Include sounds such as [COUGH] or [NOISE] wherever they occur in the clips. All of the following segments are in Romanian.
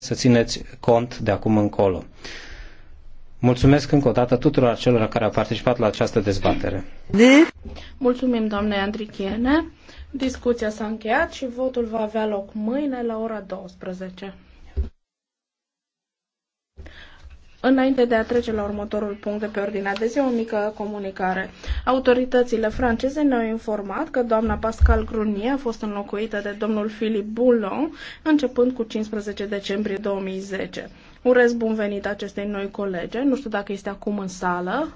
să țineți cont de acum încolo. Mulțumesc încă o dată tuturor celor care au participat la această dezbatere. Mulțumim, doamne Andrichiene. Discuția s-a încheiat și votul va avea loc mâine la ora 12. Înainte de a trece la următorul punct de pe ordinea de zi, o mică comunicare. Autoritățile franceze ne-au informat că doamna Pascal Grunier a fost înlocuită de domnul Philippe Boulon începând cu 15 decembrie 2010. Urez bun venit acestei noi colege, nu știu dacă este acum în sală,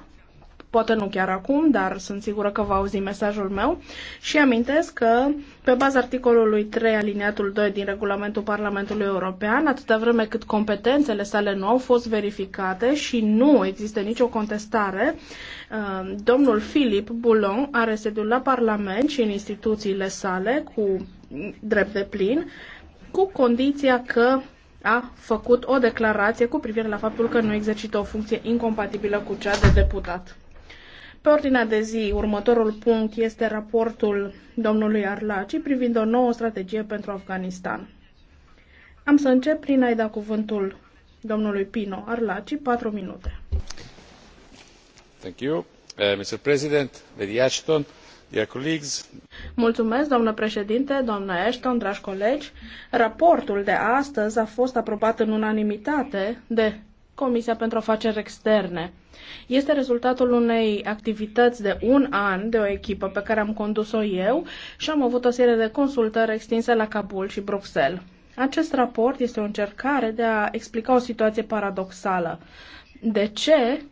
poate nu chiar acum, dar sunt sigură că va auzi mesajul meu și amintesc că pe baza articolului 3 aliniatul 2 din regulamentul Parlamentului European, atâta vreme cât competențele sale nu au fost verificate și nu există nicio contestare, uh, domnul Filip Boulon are sediul la Parlament și în instituțiile sale cu drept de plin, cu condiția că a făcut o declarație cu privire la faptul că nu exercită o funcție incompatibilă cu cea de deputat. Pe ordinea de zi, următorul punct este raportul domnului Arlaci privind o nouă strategie pentru Afganistan. Am să încep prin a-i da cuvântul domnului Pino Arlaci, patru minute. Thank you. Uh, Mr. President, Lady Ashton, dear colleagues. Mulțumesc, doamnă președinte, doamnă Ashton, dragi colegi. Raportul de astăzi a fost aprobat în unanimitate de Comisia pentru Afaceri Externe. Este rezultatul unei activități de un an de o echipă pe care am condus-o eu și am avut o serie de consultări extinse la Kabul și Bruxelles. Acest raport este o încercare de a explica o situație paradoxală. De ce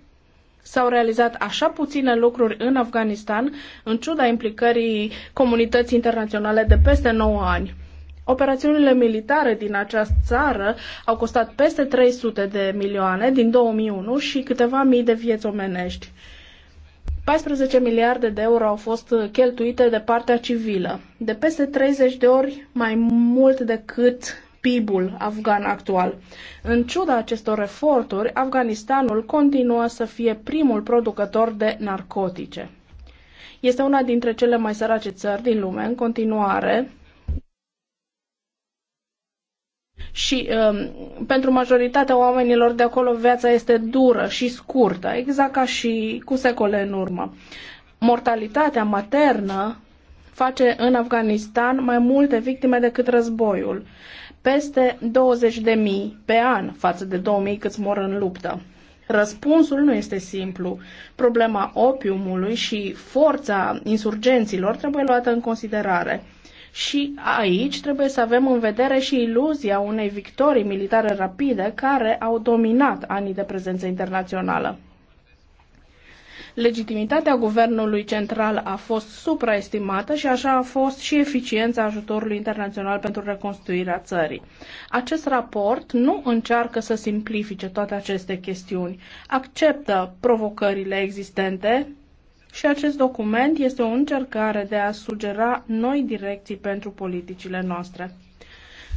s-au realizat așa puține lucruri în Afganistan, în ciuda implicării comunității internaționale de peste 9 ani? Operațiunile militare din această țară au costat peste 300 de milioane din 2001 și câteva mii de vieți omenești. 14 miliarde de euro au fost cheltuite de partea civilă, de peste 30 de ori mai mult decât PIB-ul afgan actual. În ciuda acestor eforturi, Afganistanul continuă să fie primul producător de narcotice. Este una dintre cele mai sărace țări din lume în continuare și um, pentru majoritatea oamenilor de acolo viața este dură și scurtă, exact ca și cu secole în urmă. Mortalitatea maternă face în Afganistan mai multe victime decât războiul. Peste 20.000 pe an față de 2.000 câți mor în luptă. Răspunsul nu este simplu. Problema opiumului și forța insurgenților trebuie luată în considerare. Și aici trebuie să avem în vedere și iluzia unei victorii militare rapide care au dominat anii de prezență internațională. Legitimitatea guvernului central a fost supraestimată și așa a fost și eficiența ajutorului internațional pentru reconstruirea țării. Acest raport nu încearcă să simplifice toate aceste chestiuni, acceptă provocările existente și acest document este o încercare de a sugera noi direcții pentru politicile noastre.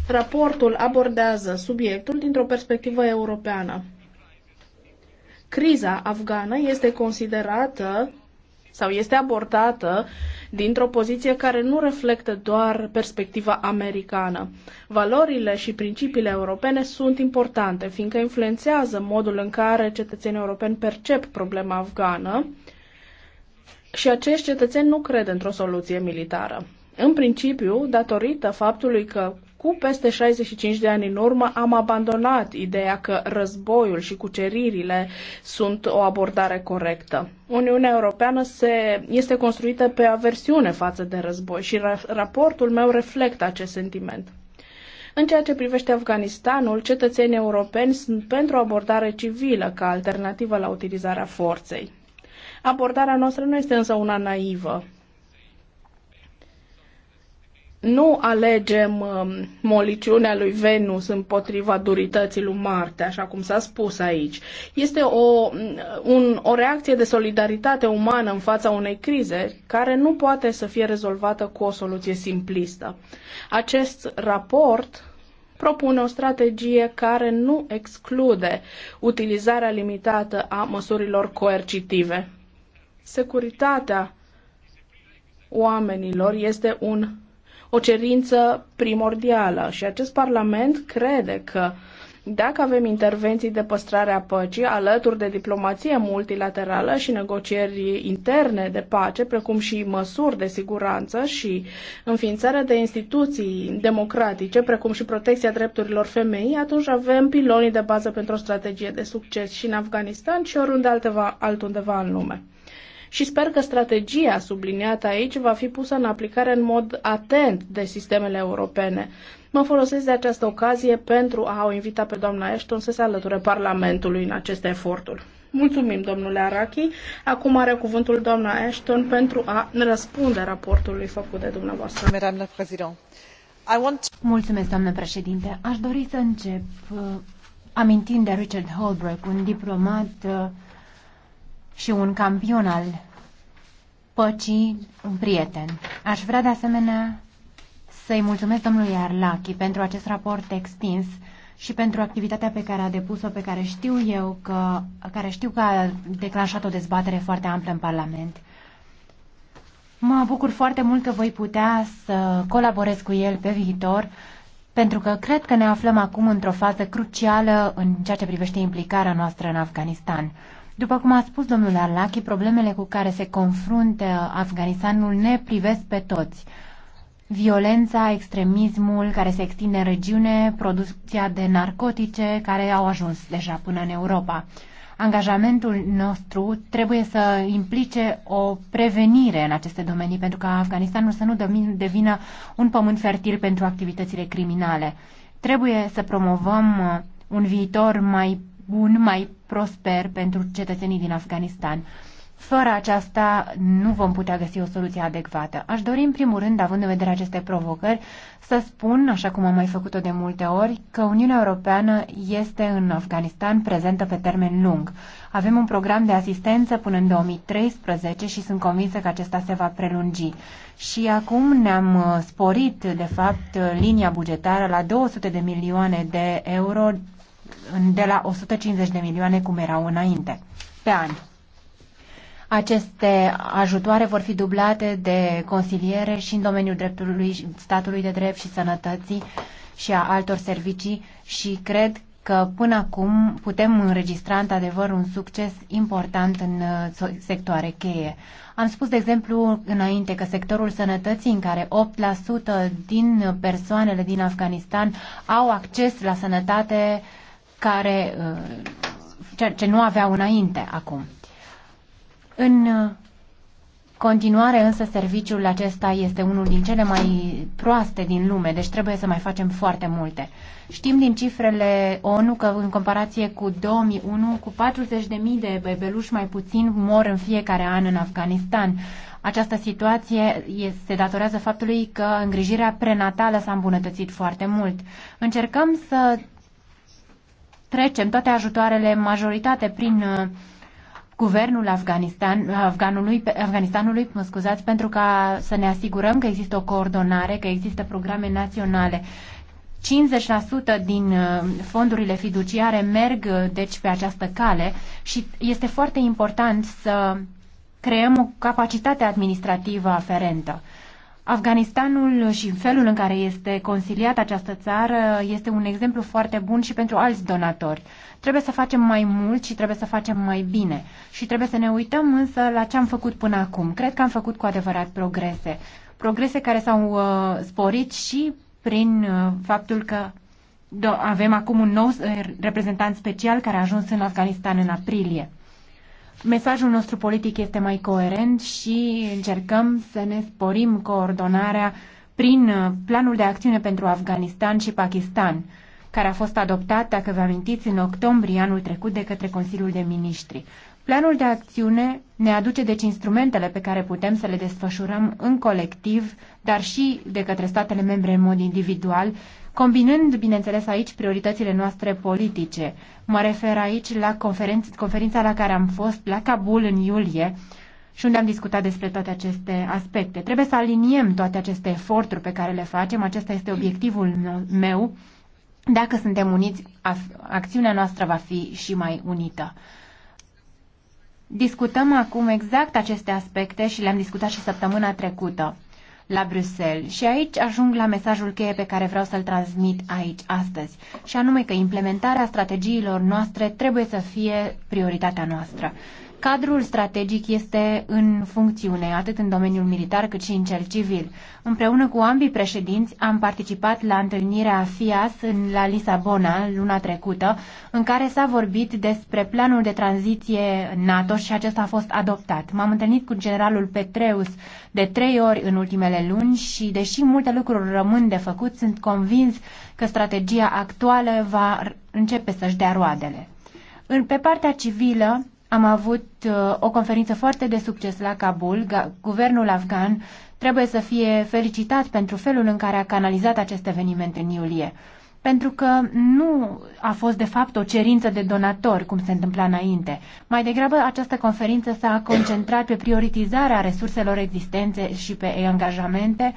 Raportul abordează subiectul dintr-o perspectivă europeană. Criza afgană este considerată sau este abordată dintr-o poziție care nu reflectă doar perspectiva americană. Valorile și principiile europene sunt importante, fiindcă influențează modul în care cetățenii europeni percep problema afgană și acești cetățeni nu cred într-o soluție militară. În principiu, datorită faptului că cu peste 65 de ani în urmă am abandonat ideea că războiul și cuceririle sunt o abordare corectă. Uniunea Europeană se, este construită pe aversiune față de război și ra, raportul meu reflectă acest sentiment. În ceea ce privește Afganistanul, cetățenii europeni sunt pentru o abordare civilă ca alternativă la utilizarea forței. Abordarea noastră nu este însă una naivă. Nu alegem um, moliciunea lui Venus împotriva durității lui Marte, așa cum s-a spus aici. Este o, un, o reacție de solidaritate umană în fața unei crize care nu poate să fie rezolvată cu o soluție simplistă. Acest raport propune o strategie care nu exclude utilizarea limitată a măsurilor coercitive securitatea oamenilor este un, o cerință primordială și acest Parlament crede că dacă avem intervenții de păstrare a păcii alături de diplomație multilaterală și negocieri interne de pace, precum și măsuri de siguranță și înființarea de instituții democratice, precum și protecția drepturilor femeii, atunci avem pilonii de bază pentru o strategie de succes și în Afganistan și oriunde altundeva în lume și sper că strategia subliniată aici va fi pusă în aplicare în mod atent de sistemele europene. Mă folosesc de această ocazie pentru a o invita pe doamna Ashton să se alăture Parlamentului în aceste eforturi. Mulțumim, domnule Arachi. Acum are cuvântul doamna Ashton pentru a răspunde raportului făcut de dumneavoastră. Mulțumesc, doamnă președinte. Aș dori să încep uh, amintind de Richard Holbrooke, un diplomat uh, și un campion al păcii, un prieten. Aș vrea de asemenea să-i mulțumesc domnului Arlachi pentru acest raport extins și pentru activitatea pe care a depus-o, pe care știu eu că, care știu că a declanșat o dezbatere foarte amplă în Parlament. Mă bucur foarte mult că voi putea să colaborez cu el pe viitor, pentru că cred că ne aflăm acum într-o fază crucială în ceea ce privește implicarea noastră în Afganistan. După cum a spus domnul Arlachi, problemele cu care se confruntă Afganistanul ne privesc pe toți. Violența, extremismul care se extinde în regiune, producția de narcotice care au ajuns deja până în Europa. Angajamentul nostru trebuie să implice o prevenire în aceste domenii pentru ca Afganistanul să nu devină un pământ fertil pentru activitățile criminale. Trebuie să promovăm uh, un viitor mai bun, mai prosper pentru cetățenii din Afganistan. Fără aceasta nu vom putea găsi o soluție adecvată. Aș dori, în primul rând, având în vedere aceste provocări, să spun, așa cum am mai făcut-o de multe ori, că Uniunea Europeană este în Afganistan prezentă pe termen lung. Avem un program de asistență până în 2013 și sunt convinsă că acesta se va prelungi. Și acum ne-am uh, sporit, de fapt, linia bugetară la 200 de milioane de euro de la 150 de milioane cum erau înainte, pe an. Aceste ajutoare vor fi dublate de consiliere și în domeniul dreptului, statului de drept și sănătății și a altor servicii și cred că până acum putem înregistra într-adevăr un succes important în uh, sectoare cheie. Am spus, de exemplu, înainte că sectorul sănătății, în care 8% din persoanele din Afganistan au acces la sănătate care, uh, ce, ce nu aveau înainte acum. În uh, continuare însă serviciul acesta este unul din cele mai proaste din lume, deci trebuie să mai facem foarte multe. Știm din cifrele ONU că în comparație cu 2001, cu 40.000 de bebeluși mai puțin mor în fiecare an în Afganistan. Această situație se datorează faptului că îngrijirea prenatală s-a îmbunătățit foarte mult. Încercăm să trecem toate ajutoarele majoritate prin uh, guvernul Afganistan, Afganului, Afganistanului, mă scuzați, pentru ca să ne asigurăm că există o coordonare, că există programe naționale. 50% din uh, fondurile fiduciare merg uh, deci pe această cale și este foarte important să creăm o capacitate administrativă aferentă. Afganistanul și felul în care este consiliat această țară este un exemplu foarte bun și pentru alți donatori. Trebuie să facem mai mult și trebuie să facem mai bine. Și trebuie să ne uităm însă la ce am făcut până acum. Cred că am făcut cu adevărat progrese. Progrese care s-au uh, sporit și prin uh, faptul că avem acum un nou reprezentant special care a ajuns în Afganistan în aprilie. Mesajul nostru politic este mai coerent și încercăm să ne sporim coordonarea prin uh, planul de acțiune pentru Afganistan și Pakistan, care a fost adoptat, dacă vă amintiți, în octombrie anul trecut de către Consiliul de Ministri. Planul de acțiune ne aduce deci instrumentele pe care putem să le desfășurăm în colectiv, dar și de către statele membre în mod individual combinând, bineînțeles, aici prioritățile noastre politice. Mă refer aici la conferința la care am fost la Kabul în iulie și unde am discutat despre toate aceste aspecte. Trebuie să aliniem toate aceste eforturi pe care le facem, acesta este obiectivul meu. Dacă suntem uniți, acțiunea noastră va fi și mai unită. Discutăm acum exact aceste aspecte și le-am discutat și săptămâna trecută la Bruxelles. Și aici ajung la mesajul cheie pe care vreau să-l transmit aici astăzi, și anume că implementarea strategiilor noastre trebuie să fie prioritatea noastră. Cadrul strategic este în funcțiune, atât în domeniul militar cât și în cel civil. Împreună cu ambii președinți am participat la întâlnirea FIAS în, la Lisabona luna trecută, în care s-a vorbit despre planul de tranziție NATO și acesta a fost adoptat. M-am întâlnit cu generalul Petreus de trei ori în ultimele luni și, deși multe lucruri rămân de făcut, sunt convins că strategia actuală va începe să-și dea roadele. Pe partea civilă, am avut uh, o conferință foarte de succes la Kabul. Guvernul afgan trebuie să fie felicitat pentru felul în care a canalizat acest eveniment în iulie. Pentru că nu a fost, de fapt, o cerință de donatori, cum se întâmpla înainte. Mai degrabă, această conferință s-a concentrat pe prioritizarea resurselor existente și pe angajamente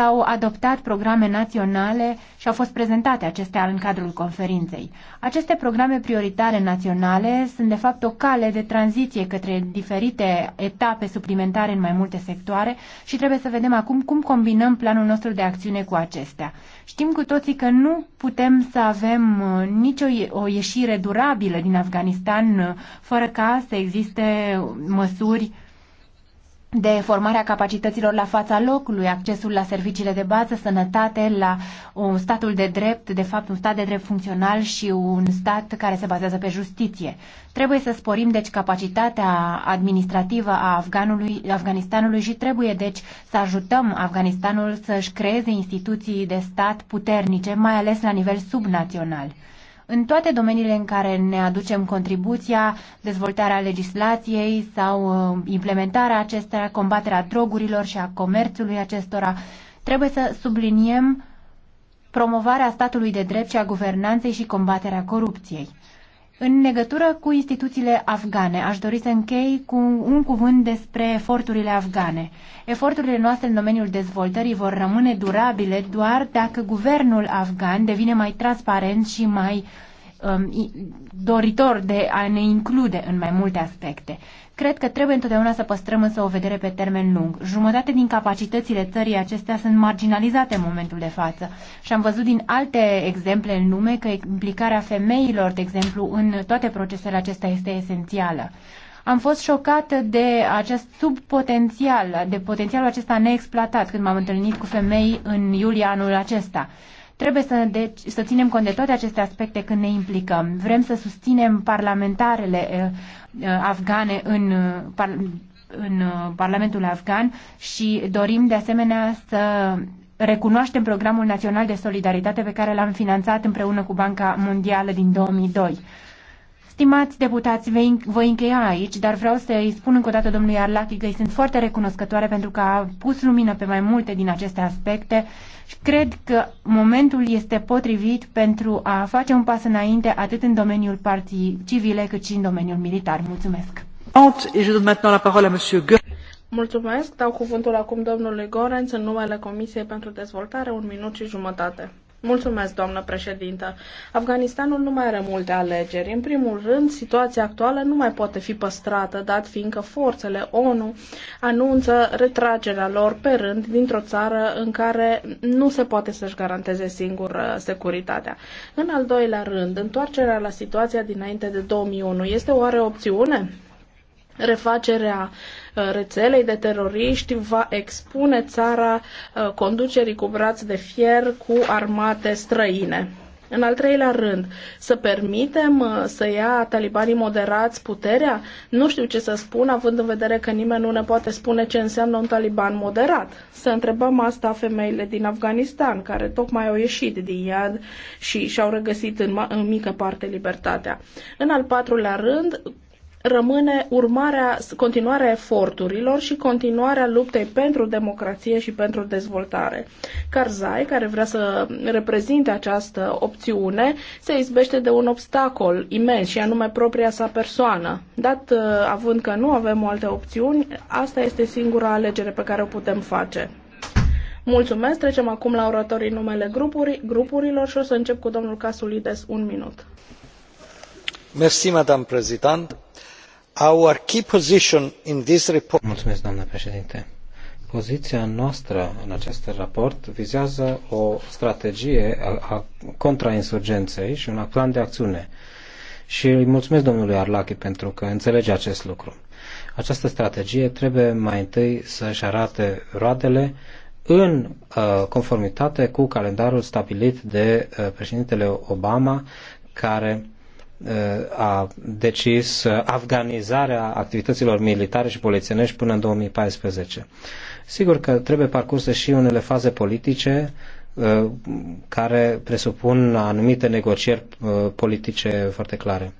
S-au adoptat programe naționale și au fost prezentate acestea în cadrul conferinței. Aceste programe prioritare naționale sunt de fapt o cale de tranziție către diferite etape suplimentare în mai multe sectoare și trebuie să vedem acum cum combinăm planul nostru de acțiune cu acestea. Știm cu toții că nu putem să avem uh, nicio o ieșire durabilă din Afganistan uh, fără ca să existe uh, măsuri de formarea capacităților la fața locului, accesul la serviciile de bază, sănătate, la un statul de drept, de fapt un stat de drept funcțional și un stat care se bazează pe justiție. Trebuie să sporim deci capacitatea administrativă a Afganului, Afganistanului și trebuie deci să ajutăm Afganistanul să-și creeze instituții de stat puternice, mai ales la nivel subnațional în toate domeniile în care ne aducem contribuția, dezvoltarea legislației sau uh, implementarea acestora, combaterea drogurilor și a comerțului acestora, trebuie să subliniem promovarea statului de drept și a guvernanței și combaterea corupției. În legătură cu instituțiile afgane, aș dori să închei cu un cuvânt despre eforturile afgane. Eforturile noastre în domeniul dezvoltării vor rămâne durabile doar dacă guvernul afgan devine mai transparent și mai um, doritor de a ne include în mai multe aspecte. Cred că trebuie întotdeauna să păstrăm însă o vedere pe termen lung. Jumătate din capacitățile țării acestea sunt marginalizate în momentul de față și am văzut din alte exemple în lume că implicarea femeilor, de exemplu, în toate procesele acestea este esențială. Am fost șocată de acest subpotențial, de potențialul acesta neexploatat când m-am întâlnit cu femei în iulie anul acesta. Trebuie să, deci, să ținem cont de toate aceste aspecte când ne implicăm. Vrem să susținem parlamentarele eh, eh, afgane în, eh, în Parlamentul afgan și dorim de asemenea să recunoaștem programul național de solidaritate pe care l-am finanțat împreună cu Banca Mondială din 2002. Stimați deputați, voi încheia aici, dar vreau să îi spun încă o dată domnului Arlachi că îi sunt foarte recunoscătoare pentru că a pus lumină pe mai multe din aceste aspecte și cred că momentul este potrivit pentru a face un pas înainte atât în domeniul partii civile cât și în domeniul militar. Mulțumesc! Mulțumesc. Dau cuvântul acum domnului Gorenț în numele Comisiei pentru Dezvoltare, un minut și jumătate. Mulțumesc, doamnă președintă. Afganistanul nu mai are multe alegeri. În primul rând, situația actuală nu mai poate fi păstrată, dat fiindcă forțele ONU anunță retragerea lor pe rând dintr-o țară în care nu se poate să-și garanteze singur uh, securitatea. În al doilea rând, întoarcerea la situația dinainte de 2001 este oare opțiune? Refacerea uh, rețelei de teroriști va expune țara uh, conducerii cu braț de fier cu armate străine. În al treilea rând, să permitem uh, să ia talibanii moderați puterea? Nu știu ce să spun, având în vedere că nimeni nu ne poate spune ce înseamnă un taliban moderat. Să întrebăm asta femeile din Afganistan, care tocmai au ieșit din iad și și-au regăsit în, în mică parte libertatea. În al patrulea rând, rămâne urmarea, continuarea eforturilor și continuarea luptei pentru democrație și pentru dezvoltare. Karzai, care vrea să reprezinte această opțiune, se izbește de un obstacol imens și anume propria sa persoană. Dat uh, având că nu avem alte opțiuni, asta este singura alegere pe care o putem face. Mulțumesc, trecem acum la oratorii numele grupuri, grupurilor și o să încep cu domnul Casulides un minut. Mersi, madame president Our Mulțumesc, doamnă președinte. Poziția noastră în acest raport vizează o strategie a contrainsurgenței și un plan de acțiune. Și îi mulțumesc domnului Arlachi pentru că înțelege acest lucru. Această strategie trebuie mai întâi să-și arate roadele în uh, conformitate cu calendarul stabilit de uh, președintele Obama, care a decis afganizarea activităților militare și polițienești până în 2014. Sigur că trebuie parcurse și unele faze politice uh, care presupun anumite negocieri uh, politice foarte clare.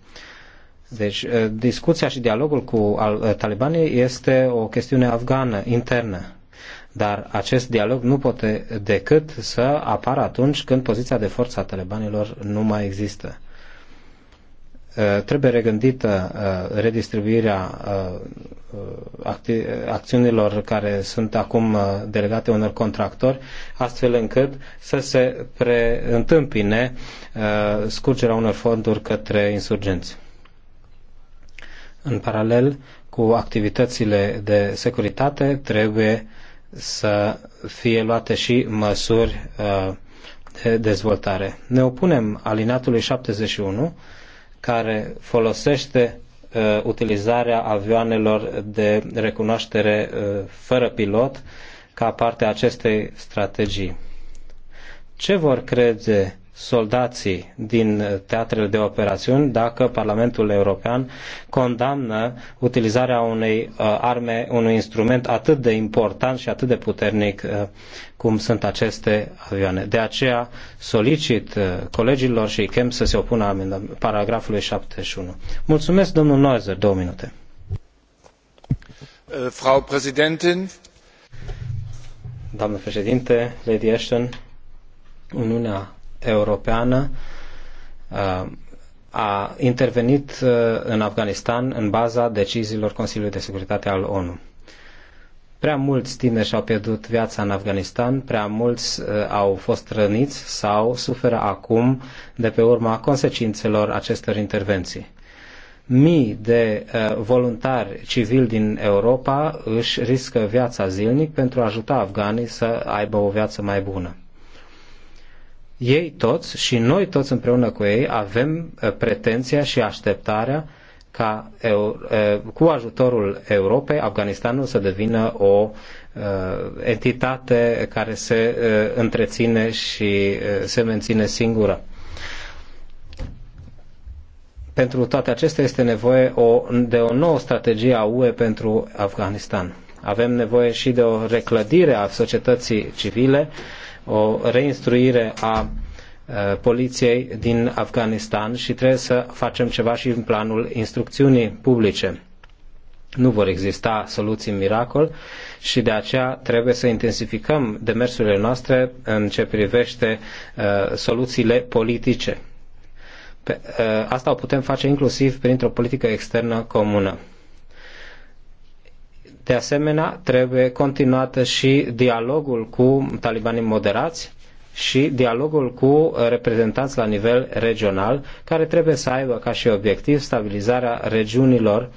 Deci, uh, discuția și dialogul cu talibanii este o chestiune afgană, internă. Dar acest dialog nu poate decât să apară atunci când poziția de forță a talibanilor nu mai există. Uh, trebuie regândită uh, redistribuirea uh, acțiunilor care sunt acum delegate unor contractori, astfel încât să se preîntâmpine scurgerea unor fonduri către insurgenți. În paralel cu activitățile de securitate, trebuie să fie luate și măsuri de dezvoltare. Ne opunem alinatului 71 care folosește uh, utilizarea avioanelor de recunoaștere uh, fără pilot ca parte a acestei strategii. Ce vor crede soldații din teatrele de operațiuni dacă Parlamentul European condamnă utilizarea unei uh, arme, unui instrument atât de important și atât de puternic uh, cum sunt aceste avioane. De aceea solicit uh, colegilor și chem să se opună paragrafului 71. Mulțumesc, domnul Noizer, două minute. Frau Präsidentin, Doamnă președinte, Lady Ashton, Uniunea Europeană uh, a intervenit uh, în Afganistan în baza deciziilor Consiliului de Securitate al ONU. Prea mulți tineri și-au pierdut viața în Afganistan, prea mulți uh, au fost răniți sau suferă acum de pe urma consecințelor acestor intervenții mii de voluntari civili din Europa își riscă viața zilnic pentru a ajuta afganii să aibă o viață mai bună ei toți și noi toți împreună cu ei avem ă, pretenția și așteptarea ca ă, cu ajutorul Europei Afganistanul să devină o ă, entitate care se întreține și se menține singură. Pentru toate acestea este nevoie o, de o nouă strategie a UE pentru Afganistan. Avem nevoie și de o reclădire a societății civile uh, o reinstruire a poliției din Afganistan și trebuie să facem ceva și în planul instrucțiunii publice. Nu vor exista soluții miracol și de aceea trebuie să intensificăm demersurile noastre în ce privește uh, soluțiile politice. Pe, uh, asta o putem face inclusiv printr-o politică externă comună. De asemenea, trebuie continuată și dialogul cu talibanii moderați și dialogul cu reprezentanți la nivel regional, care trebuie să aibă ca și obiectiv stabilizarea regiunilor,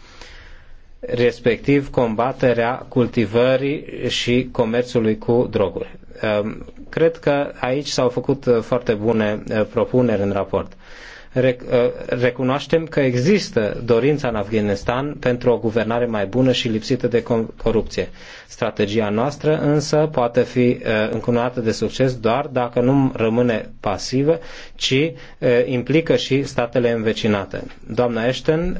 respectiv combaterea cultivării și comerțului cu droguri. Ehm, cred că aici s-au făcut foarte bune eh, propuneri în raport. Uh, recunoaștem că există dorința în Afganistan pentru o guvernare mai bună și lipsită de corupție. Strategia noastră însă poate fi uh, încununată de succes doar dacă nu rămâne pasivă, ci uh, implică și statele învecinate. Doamna Ashton,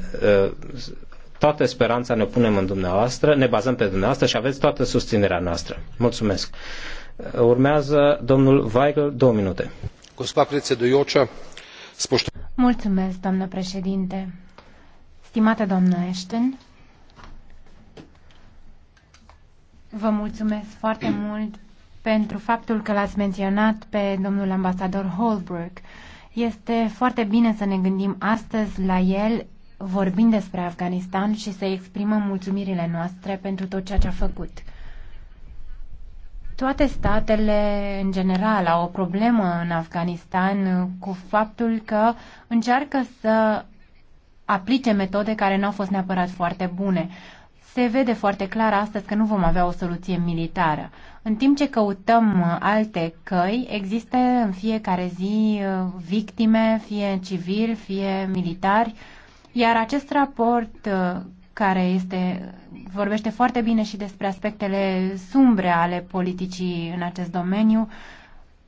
toată speranța ne punem în dumneavoastră, ne bazăm pe dumneavoastră și aveți toată susținerea noastră. Mulțumesc. Urmează domnul Weigel, două minute. Gospa predsedujoča, Mulțumesc, doamnă președinte. Stimată doamnă Ashton, vă mulțumesc foarte mult pentru faptul că l-ați menționat pe domnul ambasador Holbrook. Este foarte bine să ne gândim astăzi la el vorbind despre Afganistan și să exprimăm mulțumirile noastre pentru tot ceea ce a făcut. Toate statele, în general, au o problemă în Afganistan cu faptul că încearcă să aplice metode care nu au fost neapărat foarte bune. Se vede foarte clar astăzi că nu vom avea o soluție militară. În timp ce căutăm alte căi, există în fiecare zi uh, victime, fie civili, fie militari, iar acest raport uh, care este, vorbește foarte bine și despre aspectele sumbre ale politicii în acest domeniu,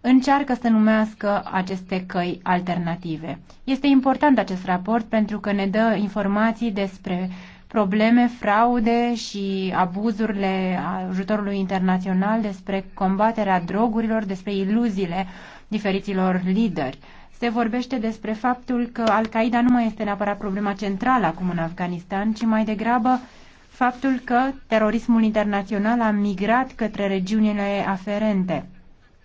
încearcă să numească aceste căi alternative. Este important acest raport pentru că ne dă informații despre probleme, fraude și abuzurile ajutorului internațional, despre combaterea drogurilor, despre iluziile diferiților lideri se vorbește despre faptul că Al-Qaeda nu mai este neapărat problema centrală acum în Afganistan, ci mai degrabă faptul că terorismul internațional a migrat către regiunile aferente,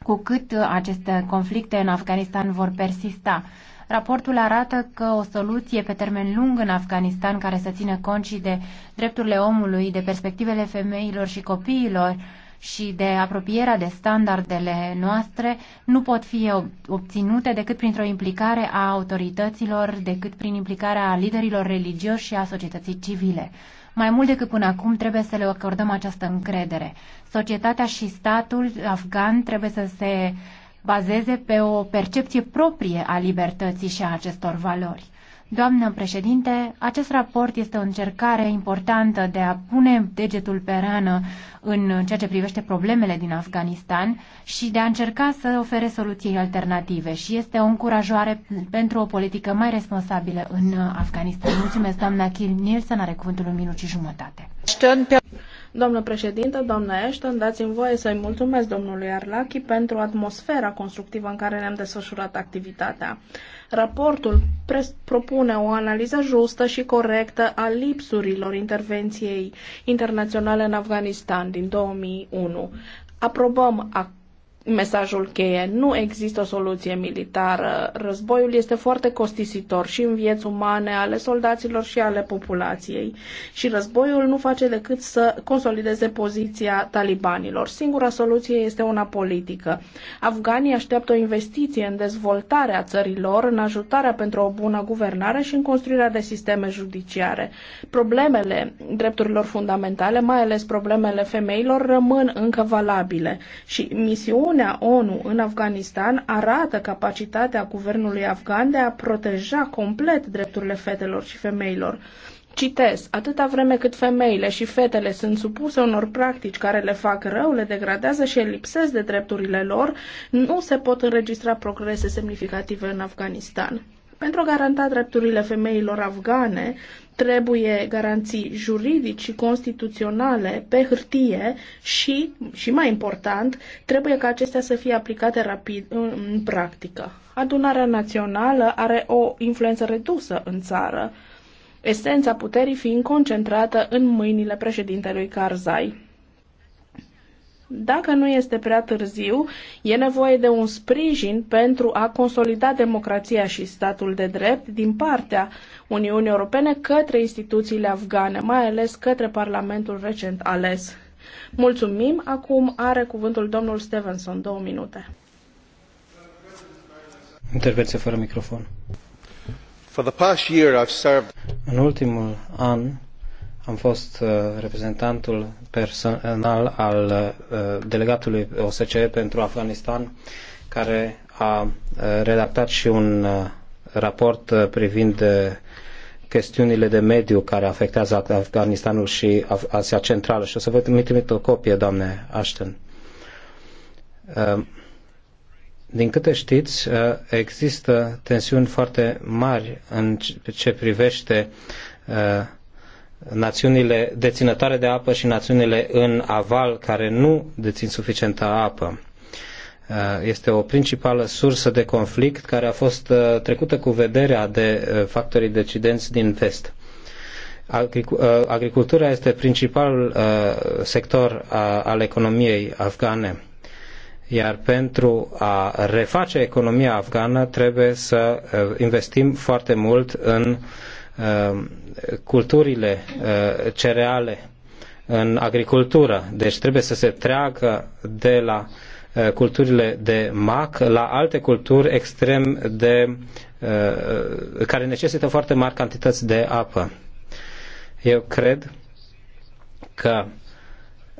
cu cât uh, aceste conflicte în Afganistan vor persista. Raportul arată că o soluție pe termen lung în Afganistan care să țină cont și de drepturile omului, de perspectivele femeilor și copiilor, și de apropierea de standardele noastre nu pot fi obținute decât printr-o implicare a autorităților, decât prin implicarea liderilor religioși și a societății civile. Mai mult decât până acum trebuie să le acordăm această încredere. Societatea și statul afgan trebuie să se bazeze pe o percepție proprie a libertății și a acestor valori. Doamnă președinte, acest raport este o încercare importantă de a pune degetul pe rană în ceea ce privește problemele din Afganistan și de a încerca să ofere soluții alternative și este o încurajare pentru o politică mai responsabilă în Afganistan. Mulțumesc, doamna Kim Nielsen, are cuvântul în minut și jumătate. Domnul președinte, doamnă Ashton, dați-mi voie să-i mulțumesc domnului Arlachi pentru atmosfera constructivă în care ne-am desfășurat activitatea. Raportul propune o analiză justă și corectă a lipsurilor intervenției internaționale în Afganistan din 2001. Aprobăm mesajul cheie. Nu există o soluție militară. Războiul este foarte costisitor și în vieți umane ale soldaților și ale populației. Și războiul nu face decât să consolideze poziția talibanilor. Singura soluție este una politică. Afganii așteaptă o investiție în dezvoltarea țărilor, în ajutarea pentru o bună guvernare și în construirea de sisteme judiciare. Problemele drepturilor fundamentale, mai ales problemele femeilor, rămân încă valabile și misiunea misiunea ONU în Afganistan arată capacitatea guvernului afgan de a proteja complet drepturile fetelor și femeilor. Citez, atâta vreme cât femeile și fetele sunt supuse unor practici care le fac rău, le degradează și lipsesc de drepturile lor, nu se pot înregistra progrese semnificative în Afganistan. Pentru a garanta drepturile femeilor afgane, trebuie garanții juridici și constituționale pe hârtie și, și mai important, trebuie ca acestea să fie aplicate rapid în practică. Adunarea națională are o influență redusă în țară, esența puterii fiind concentrată în mâinile președintelui Karzai. Dacă nu este prea târziu, e nevoie de un sprijin pentru a consolida democrația și statul de drept din partea Uniunii Europene către instituțiile afgane, mai ales către Parlamentul recent ales. Mulțumim. Acum are cuvântul domnul Stevenson. Două minute. Intervenție fără microfon. For the past year I've served... În ultimul an am fost uh, reprezentantul personal al uh, delegatului OSCE pentru Afganistan, care a uh, redactat și un uh, raport privind chestiunile de mediu care afectează Afganistanul și Asia Centrală și o să vă trimit o copie, doamne Ashton. Din câte știți, există tensiuni foarte mari în ce privește națiunile deținătoare de apă și națiunile în aval care nu dețin suficientă apă. Uh, este o principală sursă de conflict care a fost uh, trecută cu vederea de uh, factorii decidenți din vest. Agricultura este principalul sector al economiei afgane iar pentru a reface economia afgană trebuie să investim foarte mult în culturile uh, cereale în agricultură. Deci trebuie să se treacă de la uh, culturile de mac la alte culturi extrem de uh, care necesită foarte mari cantități de apă. Eu cred că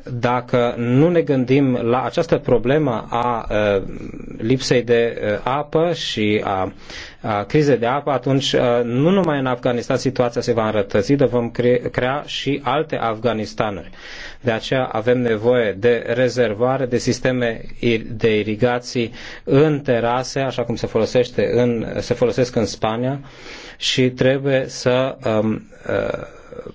dacă nu ne gândim la această problemă a uh, lipsei de uh, apă și a, a crizei de apă, atunci uh, nu numai în Afganistan situația se va înrătăți, dar vom crea și alte Afganistanuri. De aceea avem nevoie de rezervare, de sisteme de irigații în terase, așa cum se, folosește în, se folosesc în Spania și trebuie să um, uh,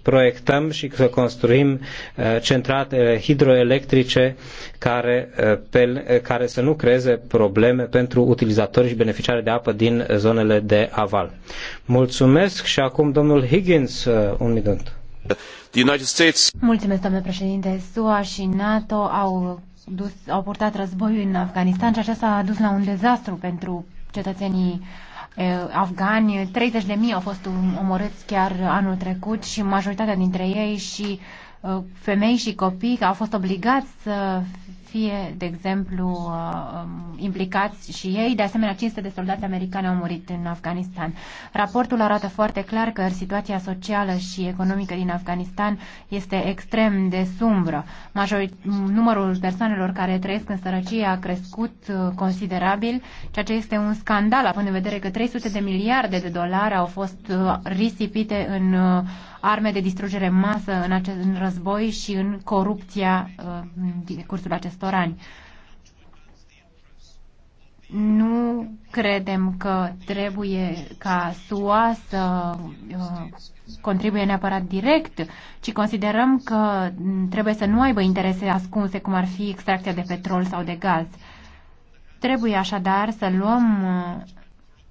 proiectăm și să construim uh, centrale hidroelectrice care, uh, pe, uh, care să nu creeze probleme pentru utilizatorii și beneficiari de apă din zonele de aval. Mulțumesc și acum domnul Higgins, un minut. Mulțumesc, domnule președinte. SUA și NATO au, dus, au purtat războiul în Afganistan și aceasta a dus la un dezastru pentru cetățenii uh, Eh, afgani, 30.000 au fost omorâți chiar anul trecut și majoritatea dintre ei și eh, femei și copii au fost obligați să fie, de exemplu, uh, um, implicați și ei. De asemenea, 500 de soldați americani au murit în Afganistan. Raportul arată foarte clar că situația socială și economică din Afganistan este extrem de sumbră. Majori, numărul persoanelor care trăiesc în sărăcie a crescut uh, considerabil, ceea ce este un scandal, având în vedere că 300 de miliarde de dolari au fost uh, risipite în arme de distrugere în masă în, acest, în război și în corupția uh, din cursul acestor ani. Nu credem că trebuie ca SUA să uh, contribuie neapărat direct, ci considerăm că mm, trebuie să nu aibă interese ascunse, cum ar fi extracția de petrol sau de gaz. Trebuie așadar să luăm uh,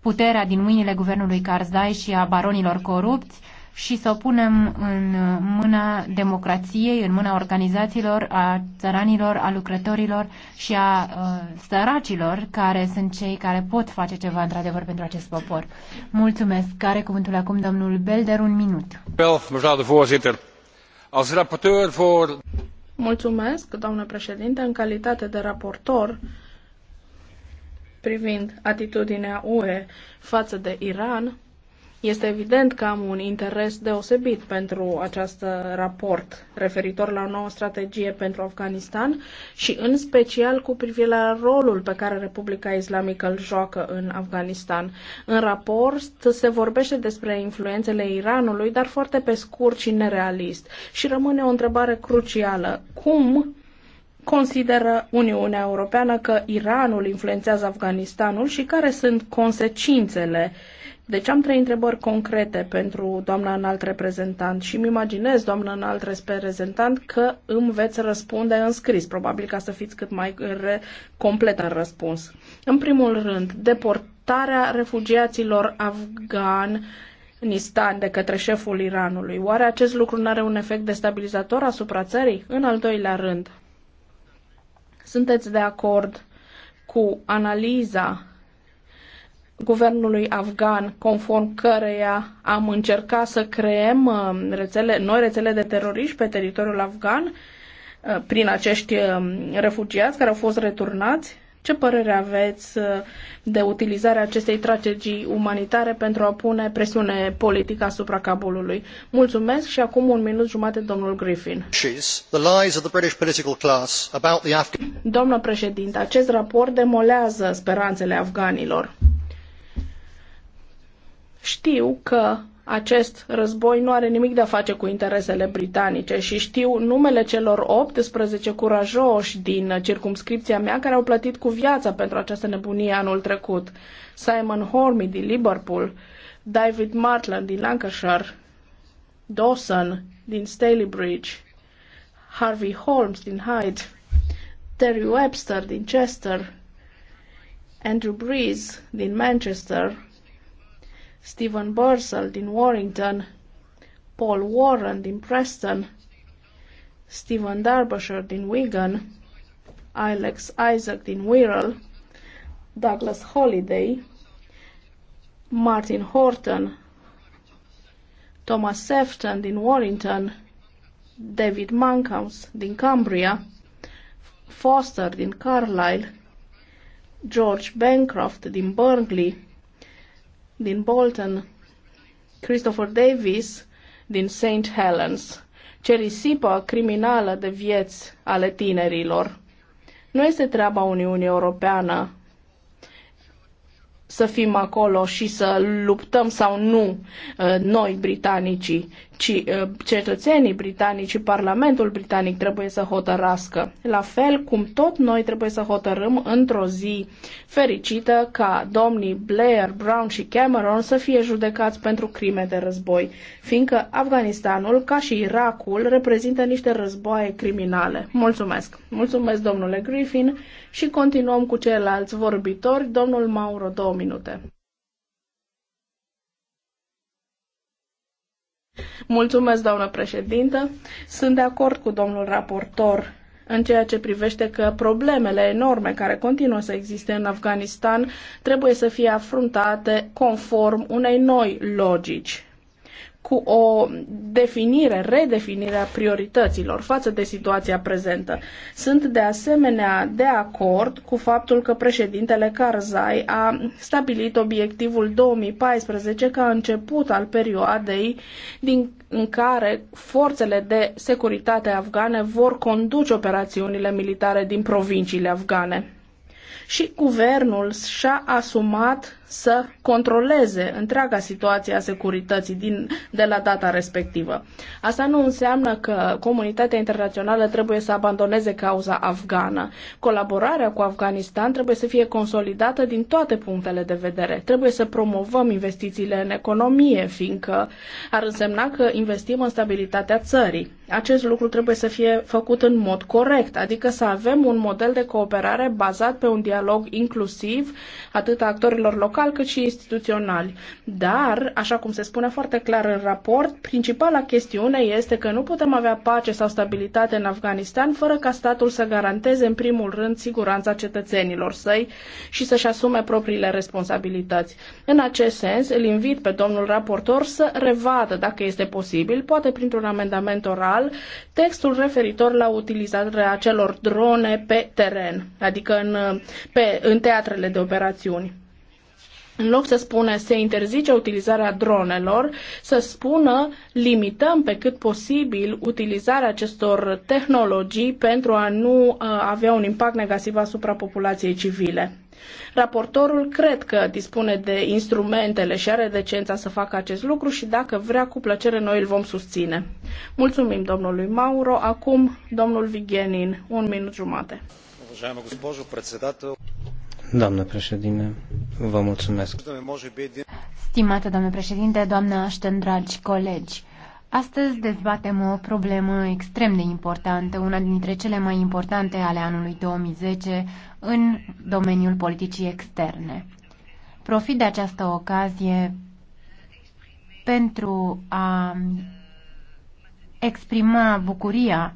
puterea din mâinile guvernului Karzai și a baronilor corupți și să o punem în mâna democrației, în mâna organizațiilor, a țăranilor, a lucrătorilor și a uh, săracilor care sunt cei care pot face ceva într-adevăr pentru acest popor. Mulțumesc. Care cuvântul acum domnul Belder, un minut. Mulțumesc, doamnă președinte, în calitate de raportor privind atitudinea UE față de Iran, este evident că am un interes deosebit pentru acest raport referitor la o nouă strategie pentru Afganistan și în special cu privire la rolul pe care Republica Islamică îl joacă în Afganistan. În raport se vorbește despre influențele Iranului, dar foarte pe scurt și nerealist. Și rămâne o întrebare crucială. Cum consideră Uniunea Europeană că Iranul influențează Afganistanul și care sunt consecințele uh, deci am trei întrebări concrete pentru doamna înalt reprezentant și îmi imaginez, doamna înalt reprezentant, că îmi veți răspunde în scris. Probabil ca să fiți cât mai complet în răspuns. În primul rând, deportarea refugiaților afgan Nistan de către șeful Iranului. Oare acest lucru nu are un efect destabilizator asupra țării? În al doilea rând, sunteți de acord cu analiza guvernului afgan, conform căreia am încercat să creăm uh, rețele, noi rețele de teroriști pe teritoriul afgan uh, prin acești uh, refugiați care au fost returnați. Ce părere aveți de utilizarea acestei strategii umanitare pentru a pune presiune politică asupra Kabulului? Mulțumesc și acum un minut jumate domnul Griffin. Domnul președinte, acest raport demolează speranțele afganilor știu că acest război nu are nimic de a face cu interesele britanice și știu numele celor 18 curajoși din circumscripția mea care au plătit cu viața pentru această nebunie anul trecut. Simon Hormy din Liverpool, David Martland din Lancashire, Dawson din Stalybridge, Harvey Holmes din Hyde, Terry Webster din Chester, Andrew Breeze din Manchester, Stephen Bursell din Warrington, Paul Warren din Preston, Stephen Derbyshire din Wigan, Alex Isaac din Wirral, Douglas Holiday, Martin Horton, Thomas Sefton din Warrington, David Mankhouse din Cambria, Foster din Carlisle, George Bancroft din Burnley, din Bolton, Christopher Davis din St. Helens, ce risipă criminală de vieți ale tinerilor. Nu este treaba Uniunii Europeană să fim acolo și să luptăm sau nu uh, noi britanicii, ci uh, cetățenii britanici și Parlamentul britanic trebuie să hotărască. La fel cum tot noi trebuie să hotărâm într-o zi fericită ca domnii Blair, Brown și Cameron să fie judecați pentru crime de război, fiindcă Afganistanul, ca și Irakul, reprezintă niște războaie criminale. Mulțumesc! Mulțumesc, domnule Griffin, și continuăm cu ceilalți vorbitori. Domnul Mauro, două minute. Mulțumesc, doamnă președintă. Sunt de acord cu domnul raportor în ceea ce privește că problemele enorme care continuă să existe în Afganistan trebuie să fie afruntate conform unei noi logici cu o definire, redefinire a priorităților față de situația prezentă. Sunt de asemenea de acord cu faptul că președintele Karzai a stabilit obiectivul 2014 ca început al perioadei din, în care forțele de securitate afgane vor conduce operațiunile militare din provinciile afgane. Și guvernul și-a asumat să controleze întreaga situație a securității din, de la data respectivă. Asta nu înseamnă că comunitatea internațională trebuie să abandoneze cauza afgană. Colaborarea cu Afganistan trebuie să fie consolidată din toate punctele de vedere. Trebuie să promovăm investițiile în economie, fiindcă ar însemna că investim în stabilitatea țării. Acest lucru trebuie să fie făcut în mod corect, adică să avem un model de cooperare bazat pe un dialog inclusiv atât a actorilor locali local cât și instituționali. Dar, așa cum se spune foarte clar în raport, principala chestiune este că nu putem avea pace sau stabilitate în Afganistan fără ca statul să garanteze în primul rând siguranța cetățenilor săi și să-și asume propriile responsabilități. În acest sens, îl invit pe domnul raportor să revadă, dacă este posibil, poate printr-un amendament oral, textul referitor la utilizarea acelor drone pe teren, adică în, pe, în teatrele de operațiuni în loc să spună se interzice utilizarea dronelor, să spună limităm pe cât posibil utilizarea acestor tehnologii pentru a nu uh, avea un impact negativ asupra populației civile. Raportorul cred că dispune de instrumentele și are decența să facă acest lucru și dacă vrea, cu plăcere, noi îl vom susține. Mulțumim domnului Mauro. Acum, domnul Vigenin, un minut jumate. Уважаема госпожо председател, Doamnă președinte, vă mulțumesc. Stimată doamnă președinte, doamnă Ashton, dragi colegi, astăzi dezbatem o problemă extrem de importantă, una dintre cele mai importante ale anului 2010 în domeniul politicii externe. Profit de această ocazie pentru a exprima bucuria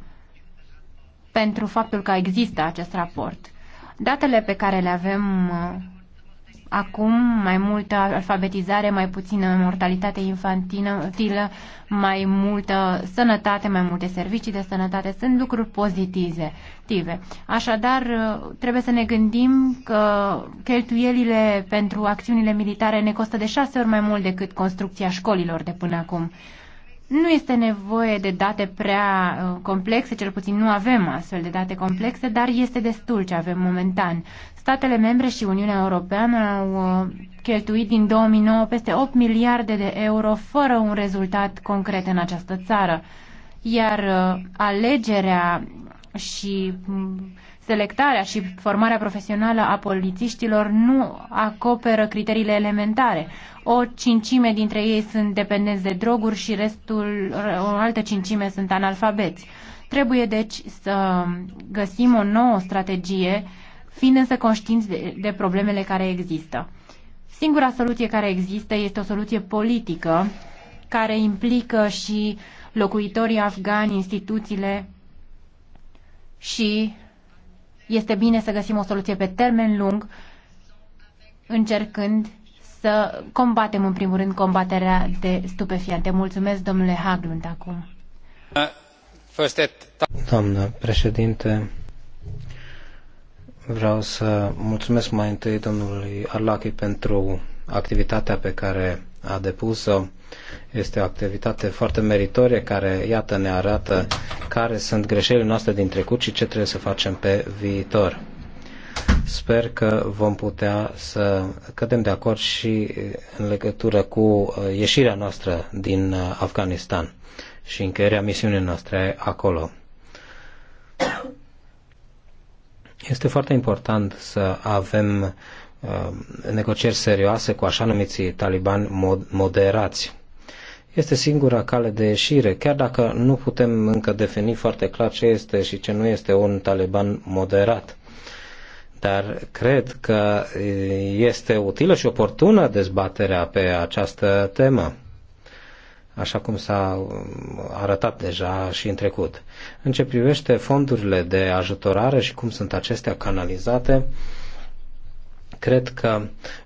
pentru faptul că există acest raport. Datele pe care le avem uh, acum, mai multă alfabetizare, mai puțină mortalitate infantilă, mai multă sănătate, mai multe servicii de sănătate, sunt lucruri pozitive. Așadar, uh, trebuie să ne gândim că cheltuielile pentru acțiunile militare ne costă de șase ori mai mult decât construcția școlilor de până acum. Nu este nevoie de date prea uh, complexe, cel puțin nu avem astfel de date complexe, dar este destul ce avem momentan. Statele membre și Uniunea Europeană au uh, cheltuit din 2009 peste 8 miliarde de euro fără un rezultat concret în această țară. Iar uh, alegerea și mm, selectarea și formarea profesională a polițiștilor nu acoperă criteriile elementare. O cincime dintre ei sunt dependenți de droguri și restul, o altă cincime sunt analfabeți. Trebuie deci să găsim o nouă strategie, fiind însă conștiinți de, de problemele care există. Singura soluție care există este o soluție politică care implică și locuitorii afgani, instituțiile și este bine să găsim o soluție pe termen lung, încercând să combatem, în primul rând, combaterea de stupefiante. Mulțumesc, domnule Haglund, acum. Doamnă președinte, vreau să mulțumesc mai întâi domnului Arlachi pentru activitatea pe care a depus-o este o activitate foarte meritorie care, iată, ne arată care sunt greșelile noastre din trecut și ce trebuie să facem pe viitor. Sper că vom putea să cădem de acord și în legătură cu uh, ieșirea noastră din uh, Afganistan și încheierea misiunii noastre acolo. Este foarte important să avem Uh, negocieri serioase cu așa numiții talibani moderați. Este singura cale de ieșire, chiar dacă nu putem încă defini foarte clar ce este și ce nu este un taliban moderat. Dar cred că este utilă și oportună dezbaterea pe această temă așa cum s-a um, arătat deja și în trecut. În ce privește fondurile de ajutorare și cum sunt acestea canalizate, Cred că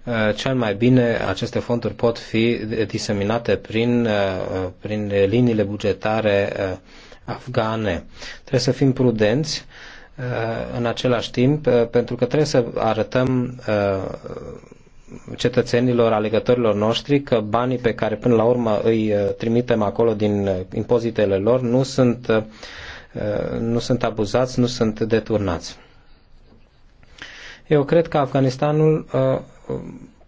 uh, cel mai bine aceste fonduri pot fi diseminate prin, uh, prin liniile bugetare uh, afgane. Trebuie să fim prudenți în același timp, pentru că trebuie să arătăm cetățenilor, alegătorilor noștri că banii pe care până la urmă îi trimitem acolo din impozitele lor nu sunt, nu sunt abuzați, nu sunt deturnați. Eu cred că Afganistanul uh,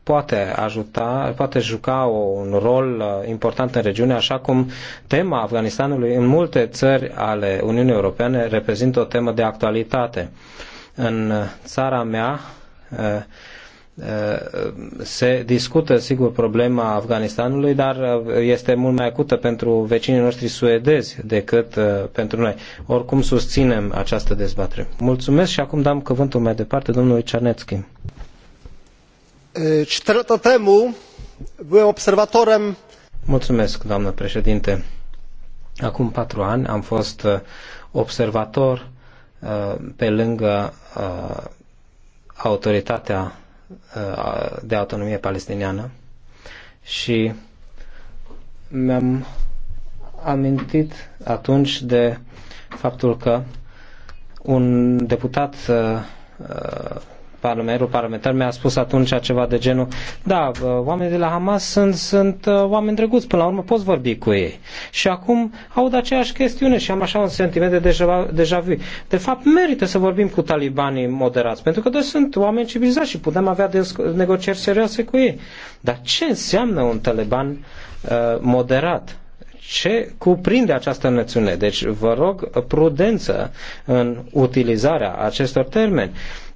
poate ajuta, poate juca un rol uh, important în regiune, așa cum tema Afganistanului în multe țări ale Uniunii Europene reprezintă o temă de actualitate. În uh, țara mea, Uh, se discută, sigur, problema Afganistanului, dar uh, este mult mai acută pentru vecinii noștri suedezi decât uh, pentru noi. Oricum susținem această dezbatere. Mulțumesc și acum dăm cuvântul mai departe domnului Cernetski. 4 temu byłem Mulțumesc, doamnă președinte. Acum patru ani am fost observator pe lângă autoritatea de autonomie palestiniană și mi-am amintit atunci de faptul că un deputat uh, parlamentarul parlamentar mi-a spus atunci ceva de genul, da, oamenii de la Hamas sunt, sunt uh, oameni drăguți, până la urmă poți vorbi cu ei. Și acum aud aceeași chestiune și am așa un sentiment de deja, deja vu. De fapt, merită să vorbim cu talibanii moderați, pentru că deci sunt oameni civilizați și putem avea negocieri serioase cu ei. Dar ce înseamnă un taliban uh, moderat? ce cuprinde această noțiune. Deci vă rog prudență în utilizarea acestor termeni.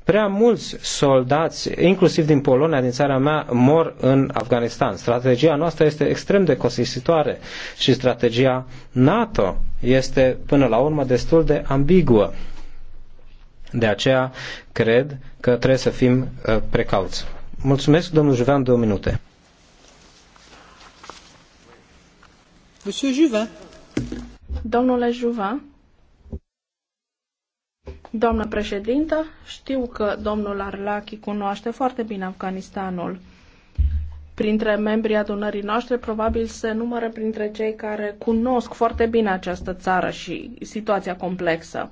Prea mulți soldați, inclusiv din Polonia, din țara mea, mor în Afganistan. Strategia noastră este extrem de costisitoare și strategia NATO este, până la urmă, destul de ambiguă. De aceea, cred că trebuie să fim uh, precauți. Mulțumesc, domnul Juvean, două minute. Monsieur Juvin. Domnule Juvin. Doamnă președintă, știu că domnul Arlachi cunoaște foarte bine Afganistanul. Printre membrii adunării noastre probabil se numără printre cei care cunosc foarte bine această țară și situația complexă.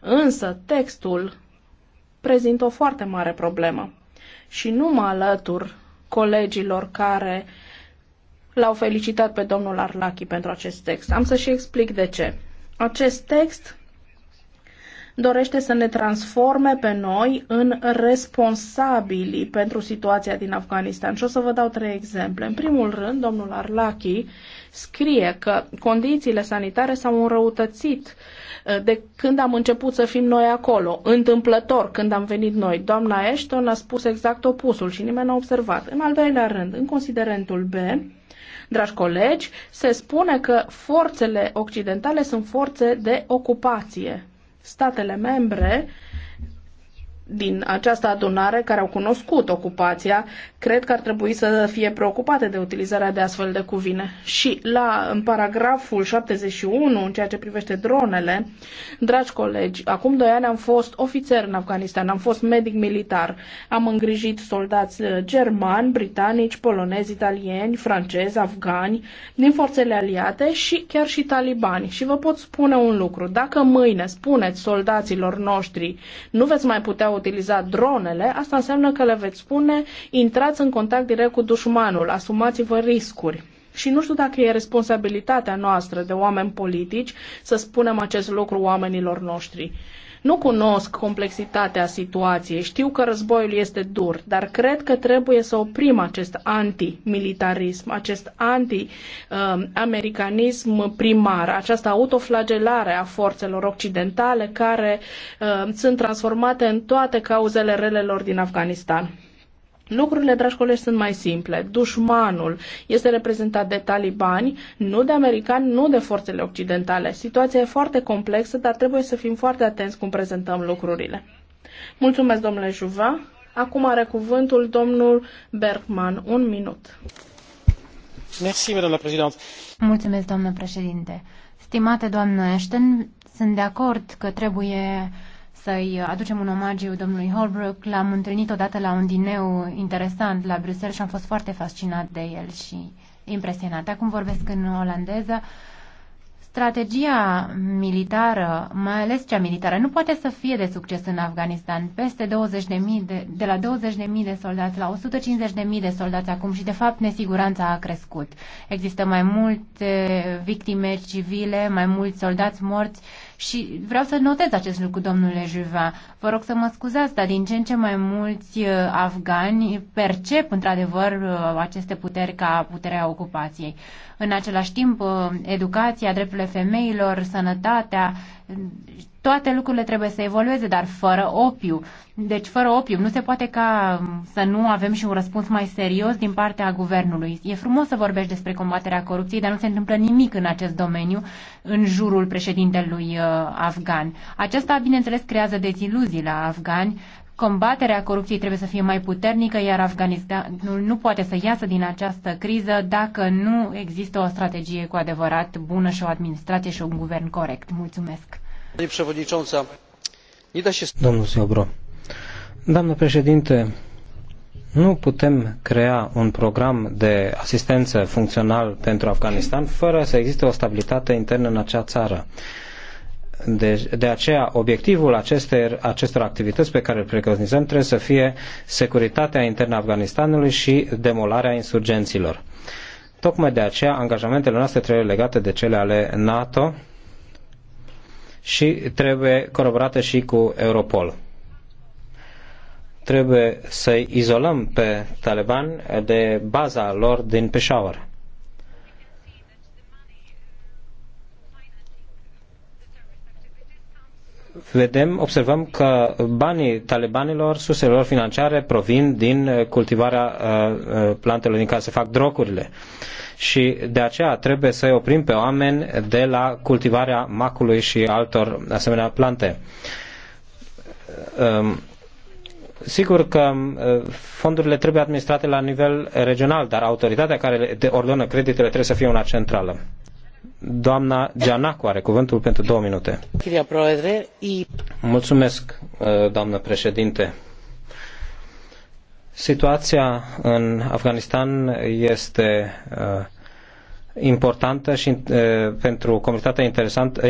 Însă textul prezintă o foarte mare problemă. Și nu mă alătur colegilor care l-au felicitat pe domnul Arlachi pentru acest text. Am să și explic de ce. Acest text dorește să ne transforme pe noi în responsabili pentru situația din Afganistan. Și o să vă dau trei exemple. În primul rând, domnul Arlachi scrie că condițiile sanitare s-au înrăutățit uh, de când am început să fim noi acolo, întâmplător când am venit noi. Doamna Ashton a spus exact opusul și nimeni n-a observat. În al doilea rând, în considerentul B, Dragi colegi, se spune că forțele occidentale sunt forțe de ocupație statele membre din această adunare care au cunoscut ocupația, cred că ar trebui să fie preocupate de utilizarea de astfel de cuvine. Și la în paragraful 71, în ceea ce privește dronele, dragi colegi, acum doi ani am fost ofițer în Afganistan, am fost medic militar, am îngrijit soldați uh, germani, britanici, polonezi, italieni, francezi, afgani, din forțele aliate și chiar și talibani. Și vă pot spune un lucru, dacă mâine spuneți soldaților noștri nu veți mai putea utiliza dronele, asta înseamnă că le veți spune intrați în contact direct cu dușmanul, asumați-vă riscuri. Și nu știu dacă e responsabilitatea noastră de oameni politici să spunem acest lucru oamenilor noștri. Nu cunosc complexitatea situației, știu că războiul este dur, dar cred că trebuie să oprim acest antimilitarism, acest anti-americanism primar, această autoflagelare a forțelor occidentale care uh, sunt transformate în toate cauzele relelor din Afganistan. Lucrurile, dragi colegi, sunt mai simple. Dușmanul este reprezentat de talibani, nu de americani, nu de forțele occidentale. Situația e foarte complexă, dar trebuie să fim foarte atenți cum prezentăm lucrurile. Mulțumesc, domnule Juva. Acum are cuvântul domnul Bergman. Un minut. Merci, doamnă președinte. Mulțumesc, domnule președinte. Stimate doamnă Ashton, sunt de acord că trebuie să-i aducem un omagiu domnului Holbrook. L-am întâlnit odată la un dineu interesant la Bruxelles și am fost foarte fascinat de el și impresionat. Acum vorbesc în olandeză. Strategia militară, mai ales cea militară, nu poate să fie de succes în Afganistan. Peste 20 de, mii de, de la 20.000 de soldați la 150.000 de soldați acum și, de fapt, nesiguranța a crescut. Există mai multe victime civile, mai mulți soldați morți și vreau să notez acest lucru, domnule Juva. Vă rog să mă scuzați, dar din ce în ce mai mulți uh, afgani percep într-adevăr uh, aceste puteri ca puterea ocupației. În același timp, uh, educația, drepturile femeilor, sănătatea, toate lucrurile trebuie să evolueze, dar fără opiu. Deci fără opiu nu se poate ca um, să nu avem și un răspuns mai serios din partea guvernului. E frumos să vorbești despre combaterea corupției, dar nu se întâmplă nimic în acest domeniu în jurul președintelui uh, afgan. Acesta, bineînțeles, creează deziluzii la afgani, Combaterea corupției trebuie să fie mai puternică, iar Afganistanul nu poate să iasă din această criză dacă nu există o strategie cu adevărat bună și o administrație și un guvern corect. Mulțumesc! Da doamnă președinte, nu putem crea un program de asistență funcțional pentru Afganistan fără să existe o stabilitate internă în acea țară. De, de aceea, obiectivul acestor activități pe care îl preconizăm trebuie să fie securitatea internă a Afganistanului și demolarea insurgenților. Tocmai de aceea, angajamentele noastre trebuie legate de cele ale NATO, și trebuie coroborată și cu Europol. Trebuie să izolăm pe taliban de baza lor din Peshawar vedem, observăm că banii talibanilor, surselor financiare, provin din uh, cultivarea uh, uh, plantelor din care se fac drogurile. Și de aceea trebuie să i oprim pe oameni de la cultivarea macului și altor asemenea plante. Um, sigur că fondurile trebuie administrate la nivel regional, dar autoritatea care ordonă creditele trebuie să fie una centrală. Doamna Gianacu are cuvântul pentru două minute. Mulțumesc, uh, doamnă președinte. Situația în Afganistan este uh, importantă și uh, pentru comunitatea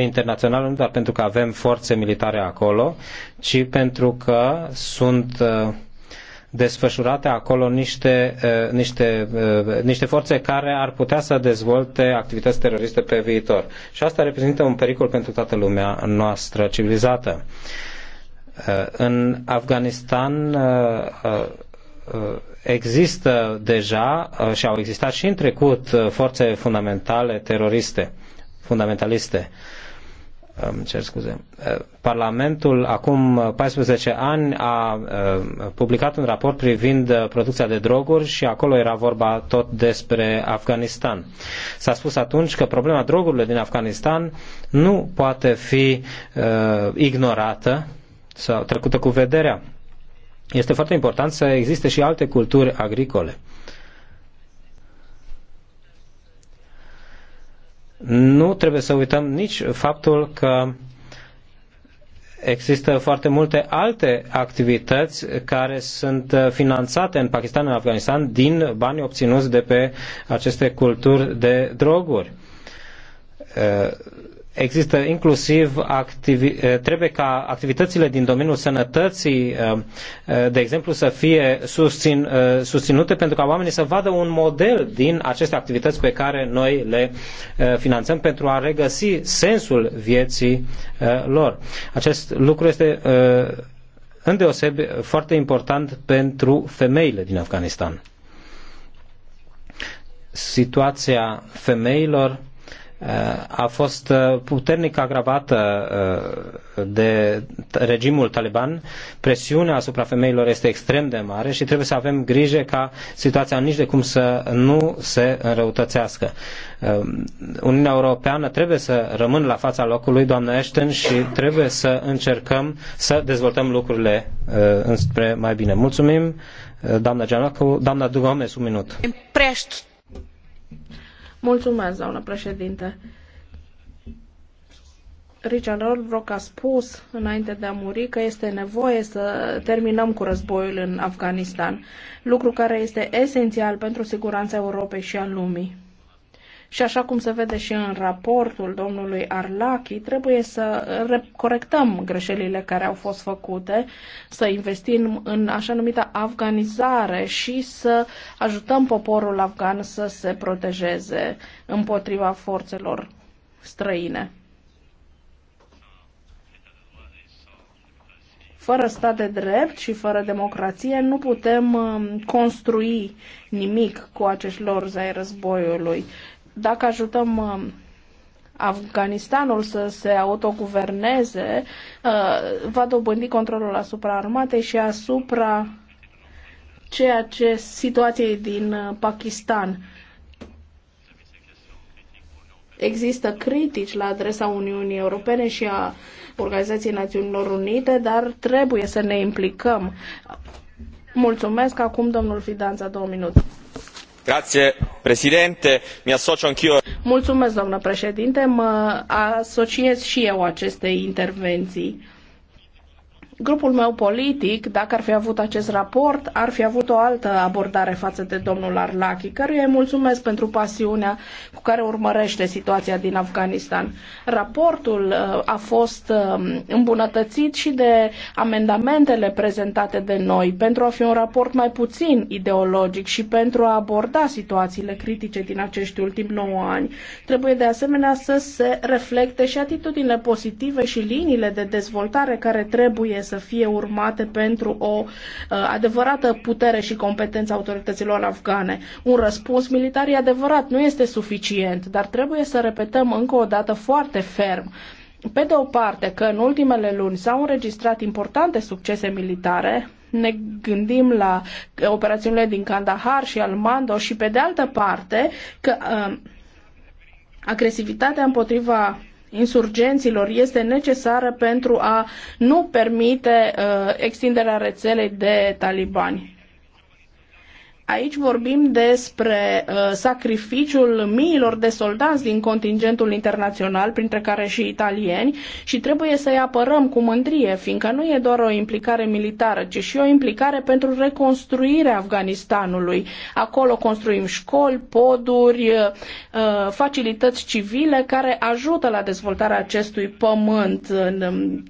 internațională, nu doar pentru că avem forțe militare acolo, ci pentru că sunt desfășurate acolo niște, niște, niște forțe care ar putea să dezvolte activități teroriste pe viitor. Și asta reprezintă un pericol pentru toată lumea noastră civilizată. În Afganistan există deja și au existat și în trecut forțe fundamentale teroriste, fundamentaliste îmi cer scuze, eh, Parlamentul acum 14 ani a eh, publicat un raport privind eh, producția de droguri și acolo era vorba tot despre Afganistan. S-a spus atunci că problema drogurilor din Afganistan nu poate fi ignorată sau trecută cu vederea. Este foarte important să existe și alte culturi agricole. Nu trebuie să uităm nici faptul că există foarte multe alte activități care sunt finanțate în Pakistan, în Afganistan, din bani obținuți de pe aceste culturi de droguri Există inclusiv, activi- eh, trebuie ca activitățile din domeniul sănătății, eh, eh, de exemplu, să fie susțin, susținute pentru ca oamenii să vadă un model din aceste activități pe care noi le finanțăm pentru a regăsi sensul vieții lor. Acest lucru este îndeosebi foarte important pentru femeile din Afganistan. Situația femeilor Uh, a fost uh, puternic agravată uh, de regimul taliban. Presiunea asupra femeilor este extrem de mare și trebuie să avem grijă ca situația nici de cum să nu se înrăutățească. Uniunea Europeană trebuie să rămână la fața locului, doamnă Ashton, și trebuie să încercăm să dezvoltăm lucrurile înspre mai bine. Mulțumim, doamna Gianacu. Doamna Dugomes, un minut. Mulțumesc, doamnă președinte. Richard Holbrooke a spus înainte de a muri că este nevoie să terminăm cu războiul în Afganistan, lucru care este esențial pentru siguranța Europei și a lumii. Și așa cum se vede și în raportul domnului Arlachi, trebuie să corectăm greșelile care au fost făcute, să investim în așa numita afganizare și să ajutăm poporul afgan să se protejeze împotriva forțelor străine. fără stat de drept și fără democrație nu putem um, construi nimic cu acești lorzi ai războiului. Dacă ajutăm uh, Afganistanul să se autoguverneze, uh, va dobândi controlul asupra armatei și asupra ceea ce situației din uh, Pakistan. Există critici la adresa Uniunii Europene și a Organizației Națiunilor Unite, dar trebuie să ne implicăm. Mulțumesc. Acum domnul Fidanța, două minute. Mulțumesc, doamnă președinte. Mă asociez și eu acestei intervenții. Grupul meu politic, dacă ar fi avut acest raport, ar fi avut o altă abordare față de domnul Arlachi, căruia îi mulțumesc pentru pasiunea cu care urmărește situația din Afganistan. Raportul uh, a fost uh, îmbunătățit și de amendamentele prezentate de noi pentru a fi un raport mai puțin ideologic și pentru a aborda situațiile critice din acești ultimi 9 ani. Trebuie de asemenea să se reflecte și atitudinile pozitive și liniile de dezvoltare care trebuie să fie urmate pentru o uh, adevărată putere și competență autorităților afgane. Un răspuns militar e adevărat, nu este suficient, dar trebuie să repetăm încă o dată foarte ferm pe de o parte că în ultimele luni s-au înregistrat importante succese militare, ne gândim la operațiunile din Kandahar și al Mando și pe de altă parte că uh, agresivitatea împotriva insurgenților este necesară pentru a nu permite uh, extinderea rețelei de talibani. Aici vorbim despre uh, sacrificiul miilor de soldați din contingentul internațional, printre care și italieni, și trebuie să-i apărăm cu mândrie, fiindcă nu e doar o implicare militară, ci și o implicare pentru reconstruirea Afganistanului. Acolo construim școli, poduri, uh, facilități civile care ajută la dezvoltarea acestui pământ. Uh,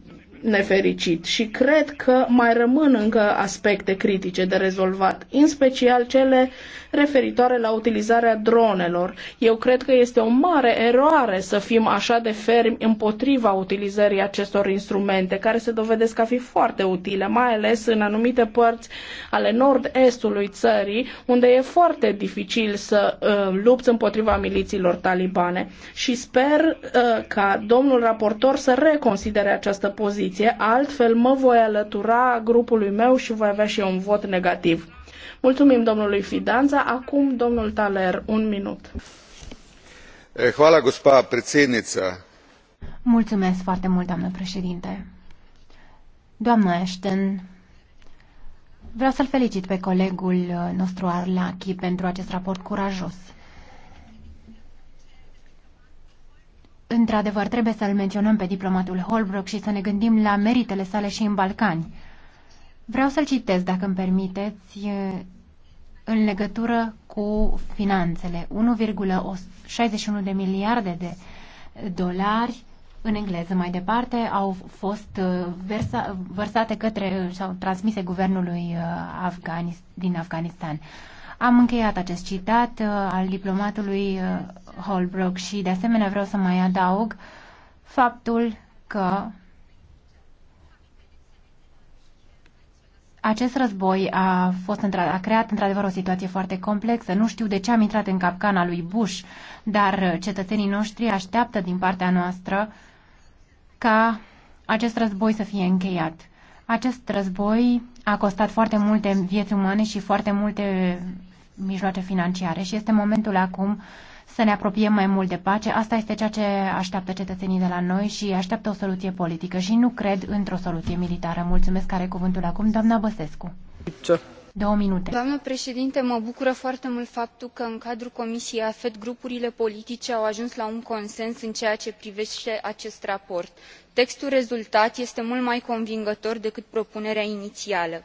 nefericit și cred că mai rămân încă aspecte critice de rezolvat, în special cele referitoare la utilizarea dronelor. Eu cred că este o mare eroare să fim așa de fermi împotriva utilizării acestor instrumente, care se dovedesc a fi foarte utile, mai ales în anumite părți ale nord-estului țării, unde e foarte dificil să uh, lupți împotriva milițiilor talibane. Și sper uh, ca domnul raportor să reconsidere această poziție, altfel mă voi alătura grupului meu și voi avea și eu un vot negativ. Mulțumim domnului Fidanța. Acum domnul Taler, un minut. Eh, hvala, gospa predsednița. Mulțumesc foarte mult, doamnă președinte. Doamnă Ashton, vreau să-l felicit pe colegul nostru Arlachi pentru acest raport curajos. Într-adevăr, trebuie să-l menționăm pe diplomatul Holbrook și să ne gândim la meritele sale și în Balcani. Vreau să-l citesc, dacă îmi permiteți, în legătură cu finanțele. 1,61 de miliarde de dolari în engleză mai departe au fost versa, vărsate către sau transmise guvernului Afganis, din Afganistan. Am încheiat acest citat al diplomatului Holbrook și de asemenea vreau să mai adaug faptul că Acest război a, fost, a creat într-adevăr o situație foarte complexă. Nu știu de ce am intrat în capcana lui Bush, dar cetățenii noștri așteaptă din partea noastră ca acest război să fie încheiat. Acest război a costat foarte multe vieți umane și foarte multe mijloace financiare și este momentul acum uh, să ne apropiem mai mult de pace. Asta este ceea ce așteaptă cetățenii de la noi și așteaptă o soluție politică și nu cred într-o soluție militară. Mulțumesc, care cuvântul acum, doamna Băsescu. Ce? Două minute. Doamnă președinte, mă bucură foarte mult faptul că în cadrul Comisiei AFET grupurile politice au ajuns la un consens în ceea ce privește acest raport. Textul rezultat este mult mai convingător decât propunerea inițială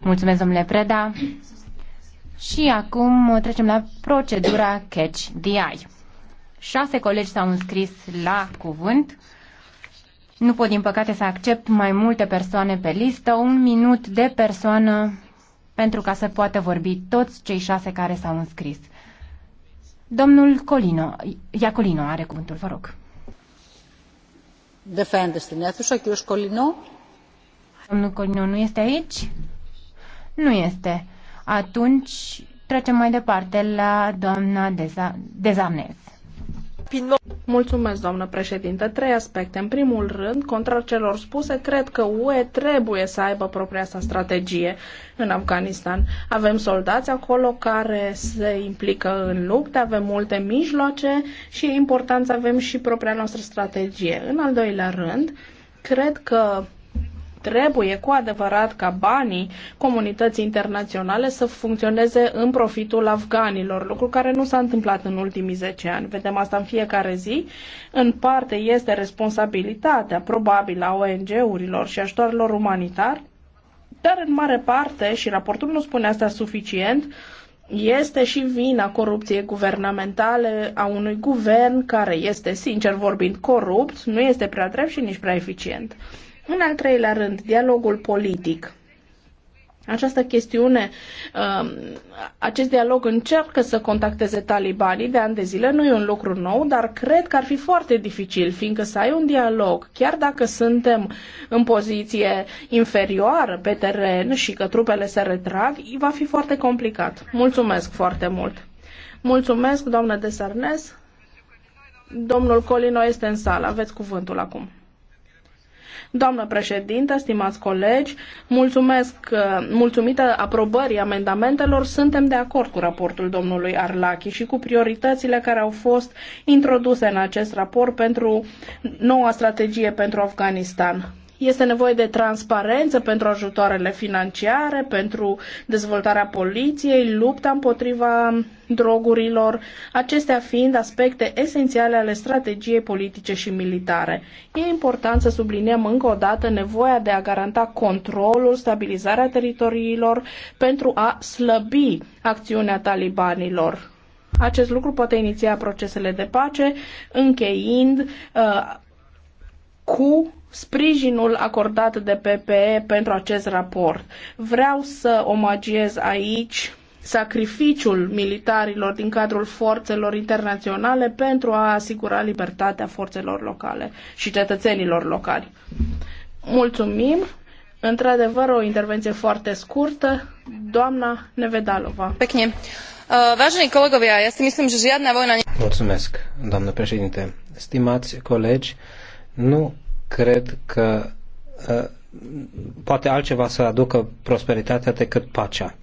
Mulțumesc, Preda. Și acum trecem la procedura Catch the Eye. Șase colegi s-au înscris la cuvânt. Nu pot, din păcate, să accept mai multe persoane pe listă, un minut de persoană pentru ca să poată vorbi toți cei șase care s-au înscris. Domnul Colino, Iacolino are cuvântul, vă rog. Defendeți în αίθουσα, κύριος Colino. Domnul Colino nu este aici? Nu este. Atunci trecem mai departe la doamna Deza Dezamnez. Mulțumesc, doamnă președintă. Trei aspecte. În primul rând, contrar celor spuse, cred că UE trebuie să aibă propria sa strategie în Afganistan. Avem soldați acolo care se implică în lupte, avem multe mijloace și e important să avem și propria noastră strategie. În al doilea rând, cred că Trebuie cu adevărat ca banii comunității internaționale să funcționeze în profitul afganilor, lucru care nu s-a întâmplat în ultimii 10 ani. Vedem asta în fiecare zi. În parte este responsabilitatea probabil a ONG-urilor și ajutorilor umanitari, dar în mare parte, și raportul nu spune asta suficient, este și vina corupției guvernamentale a unui guvern care este, sincer vorbind, corupt, nu este prea drept și nici prea eficient. În al treilea rând, dialogul politic. Această chestiune, um, acest dialog încearcă să contacteze talibanii de ani de zile, nu e un lucru nou, dar cred că ar fi foarte dificil, fiindcă să ai un dialog, chiar dacă suntem în poziție inferioară pe teren și că trupele se retrag, va fi foarte complicat. Mulțumesc foarte mult! Mulțumesc, doamnă Desarnes! Domnul Colino este în sală, aveți cuvântul acum. Doamnă președintă, stimați colegi, mulțumesc, uh, mulțumită aprobării amendamentelor, suntem de acord cu raportul domnului Arlachi și cu prioritățile care au fost introduse în acest raport pentru noua strategie pentru Afganistan. Este nevoie de transparență pentru ajutoarele financiare, pentru dezvoltarea poliției, lupta împotriva drogurilor, acestea fiind aspecte esențiale ale strategiei politice și militare. E important să subliniem încă o dată nevoia de a garanta controlul, stabilizarea teritoriilor pentru a slăbi acțiunea talibanilor. Acest lucru poate iniția procesele de pace, încheind uh, cu sprijinul acordat de PPE pentru acest raport. Vreau să omagiez aici sacrificiul militarilor din cadrul forțelor internaționale pentru a asigura libertatea forțelor locale și cetățenilor locali. Mulțumim! Într-adevăr, o intervenție foarte scurtă. Doamna Nevedalova. Pekne. Uh, vážení kolegovia, ja si myslím, že žiadna vojna... Mulțumesc, doamnă președinte. Stimați colegi, nu cred că uh, poate altceva să aducă prosperitatea decât pacea.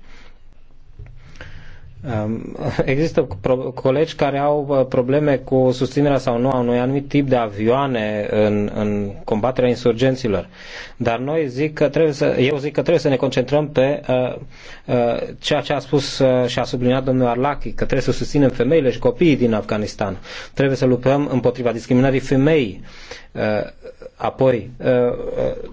Um, [LAUGHS] există colegi care au uh, probleme cu susținerea sau nu a unui anumit tip de avioane în, în combaterea insurgenților. Dar noi zic că trebuie să, eu zic că trebuie să ne concentrăm pe uh, uh, ceea ce a spus uh, și a subliniat domnul Arlachi, că trebuie să susținem femeile și copiii din Afganistan. Trebuie să luptăm împotriva discriminării femeii. Uh, apoi, uh, uh,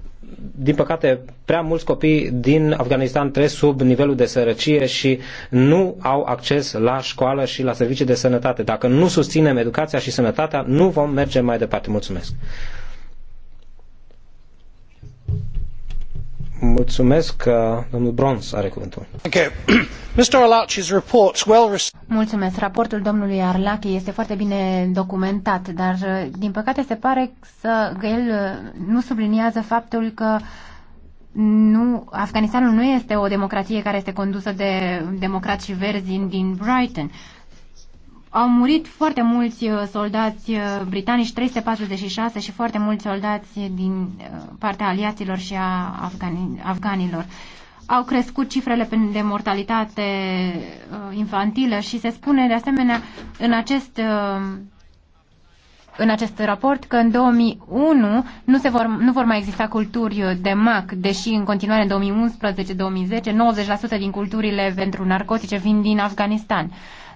din păcate, prea mulți copii din Afganistan trăiesc sub nivelul de sărăcie și nu au acces la școală și la servicii de sănătate. Dacă nu susținem educația și sănătatea, nu vom merge mai departe. Mulțumesc! Mulțumesc, domnul Brons are cuvântul. [CLEARS THROAT] Mulțumesc. Raportul domnului Arlachi este foarte bine documentat, dar uh, din păcate se pare că el uh, nu subliniază faptul că nu, Afganistanul nu este o democrație care este condusă de democrați și verzi din Brighton. Au murit foarte mulți uh, soldați uh, britanici, 346 și foarte mulți soldați din uh, partea aliaților și a afgani, afganilor. Au crescut cifrele de mortalitate infantilă și se spune de asemenea în acest în acest raport că în 2001 nu, se vor, nu vor mai exista culturi de MAC, deși în continuare în 2011-2010 90% din culturile pentru narcotice vin din Afganistan.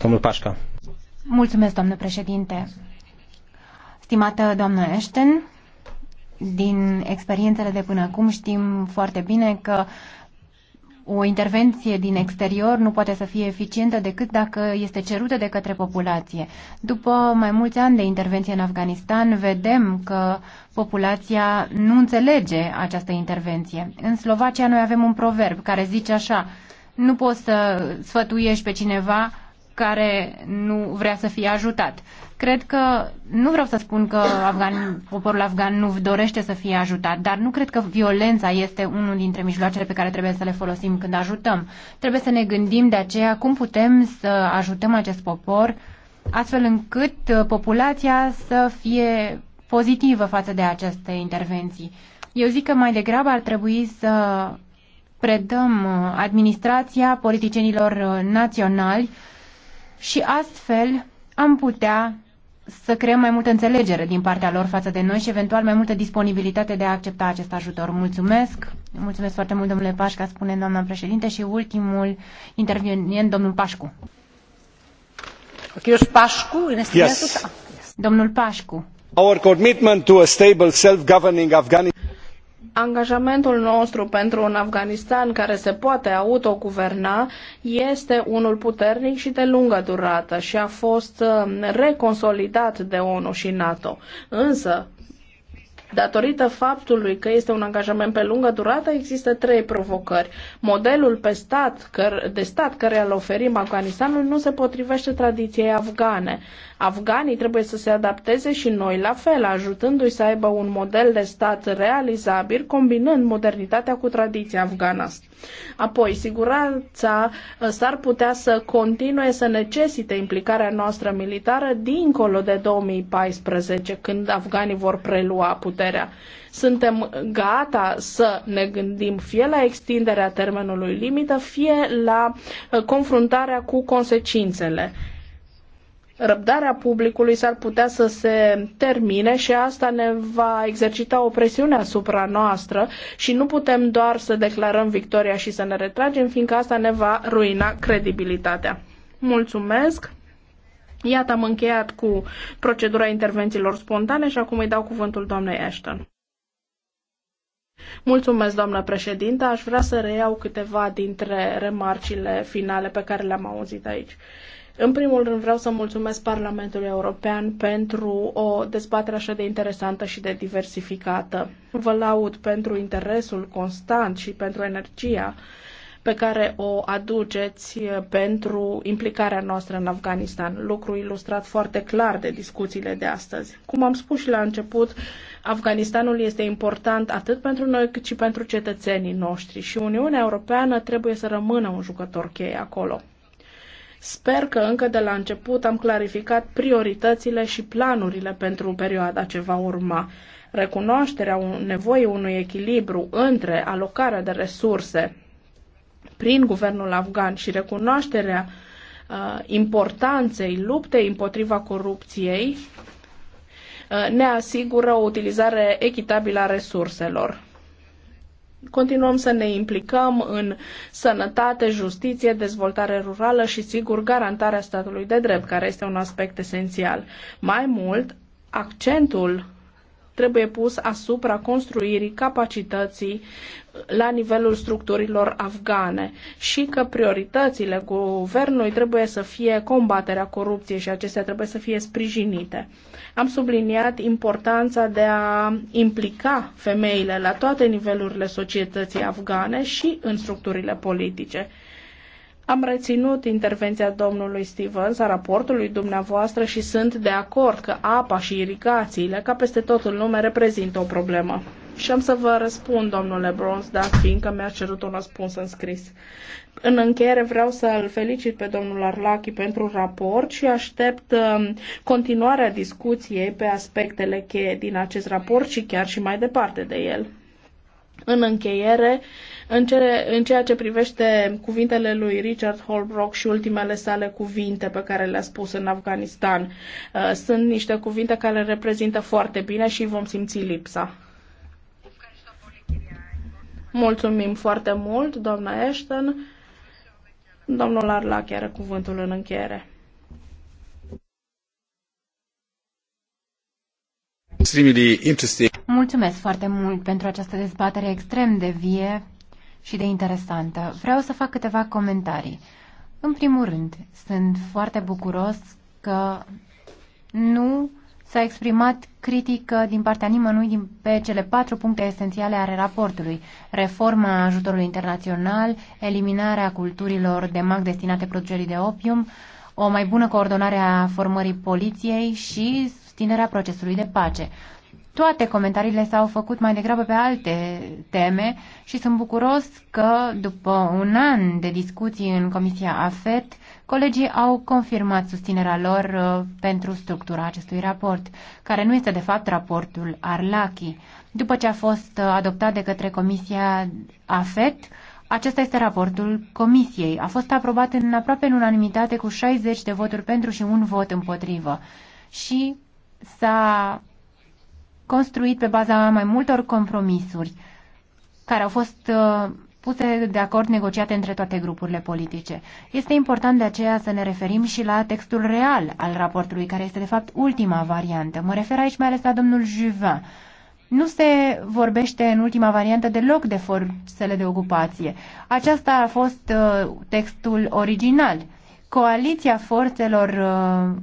Domnul Pașca. Mulțumesc, domnule președinte. Stimată doamnă Ashton, din experiențele de până acum știm foarte bine că o intervenție din exterior nu poate să fie eficientă decât dacă este cerută de către populație. După mai mulți ani de intervenție în Afganistan, vedem că populația nu înțelege această intervenție. În Slovacia noi avem un proverb care zice așa, nu poți să sfătuiești pe cineva care nu vrea să fie ajutat. Cred că, nu vreau să spun că afgan, poporul afgan nu dorește să fie ajutat, dar nu cred că violența este unul dintre mijloacele pe care trebuie să le folosim când ajutăm. Trebuie să ne gândim de aceea cum putem să ajutăm acest popor astfel încât uh, populația să fie pozitivă față de aceste intervenții. Eu zic că mai degrabă ar trebui să predăm uh, administrația politicienilor uh, naționali și astfel am putea să creăm mai multă înțelegere din partea lor față de noi și eventual mai multă disponibilitate de a accepta acest ajutor. Mulțumesc! Mulțumesc foarte mult, domnule Pașca, spune doamna președinte și ultimul intervenient, domnul Pașcu. Pașcu? Yes. Domnul Pașcu. Our commitment to a stable self-governing Afghanistan Angajamentul nostru pentru un Afganistan care se poate autoguverna este unul puternic și de lungă durată și a fost um, reconsolidat de ONU și NATO. Însă, Datorită faptului că este un angajament pe lungă durată, există trei provocări. Modelul pe stat, de stat care îl oferim Afganistanul nu se potrivește tradiției afgane. Afganii trebuie să se adapteze și noi la fel, ajutându-i să aibă un model de stat realizabil, combinând modernitatea cu tradiția afgană. Apoi, siguranța uh, s-ar putea să continue să necesite implicarea noastră militară dincolo de 2014, când afganii vor prelua puterea. Suntem gata să ne gândim fie la extinderea termenului limită, fie la uh, confruntarea cu consecințele răbdarea publicului s-ar putea să se termine și asta ne va exercita o presiune asupra noastră și nu putem doar să declarăm victoria și să ne retragem, fiindcă asta ne va ruina credibilitatea. Mulțumesc! Iată, am încheiat cu procedura intervențiilor spontane și acum îi dau cuvântul doamnei Ashton. Mulțumesc, doamnă președintă. Aș vrea să reiau câteva dintre remarcile finale pe care le-am auzit aici. În primul rând vreau să mulțumesc Parlamentului European pentru o dezbatere așa de interesantă și de diversificată. Vă laud pentru interesul constant și pentru energia pe care o aduceți pentru implicarea noastră în Afganistan, lucru ilustrat foarte clar de discuțiile de astăzi. Cum am spus și la început, Afganistanul este important atât pentru noi cât și pentru cetățenii noștri și Uniunea Europeană trebuie să rămână un jucător cheie acolo. Sper că încă de la început am clarificat prioritățile și planurile pentru perioada ce va urma. Recunoașterea nevoii unui echilibru între alocarea de resurse prin guvernul afgan și recunoașterea uh, importanței luptei împotriva corupției uh, ne asigură o utilizare echitabilă a resurselor. Continuăm să ne implicăm în sănătate, justiție, dezvoltare rurală și, sigur, garantarea statului de drept, care este un aspect esențial. Mai mult, accentul trebuie pus asupra construirii capacității la nivelul structurilor afgane și că prioritățile guvernului trebuie să fie combaterea corupției și acestea trebuie să fie sprijinite. Am subliniat importanța de a implica femeile la toate nivelurile societății afgane și în structurile politice. Am reținut intervenția domnului Stevens a raportului dumneavoastră și sunt de acord că apa și irigațiile, ca peste tot în lume, reprezintă o problemă. Și am să vă răspund, domnule Brons, dat fiindcă mi-a cerut un răspuns în scris. În încheiere vreau să îl felicit pe domnul Arlachi pentru raport și aștept um, continuarea discuției pe aspectele cheie din acest raport și chiar și mai departe de el. În încheiere, în, ce, în ceea ce privește cuvintele lui Richard Holbrooke și ultimele sale cuvinte pe care le-a spus în Afganistan, uh, sunt niște cuvinte care reprezintă foarte bine și vom simți lipsa. Mulțumim foarte mult, doamna Ashton. Domnul Arlac are cuvântul în încheiere. Mulțumesc foarte mult pentru această dezbatere extrem de vie și de interesantă. Vreau să fac câteva comentarii. În primul rând, sunt foarte bucuros că nu s-a exprimat critică din partea nimănui din, pe cele patru puncte esențiale ale raportului. Reforma ajutorului internațional, eliminarea culturilor de mag destinate producerii de opium, o mai bună coordonare a formării poliției și susținerea procesului de pace. Toate comentariile s-au făcut mai degrabă pe alte teme și sunt bucuros că după un an de discuții în Comisia AFET, colegii au confirmat susținerea lor uh, pentru structura acestui raport, care nu este de fapt raportul Arlachi. După ce a fost uh, adoptat de către Comisia AFET, acesta este raportul Comisiei. A fost aprobat în aproape în unanimitate cu 60 de voturi pentru și un vot împotrivă. Și s-a construit pe baza mai multor compromisuri care au fost uh, puse de acord negociate între toate grupurile politice. Este important de aceea să ne referim și la textul real al raportului, care este de fapt ultima variantă. Mă refer aici mai ales la domnul Juvin. Nu se vorbește în ultima variantă deloc de forțele de ocupație. Aceasta a fost uh, textul original. Coaliția forțelor uh,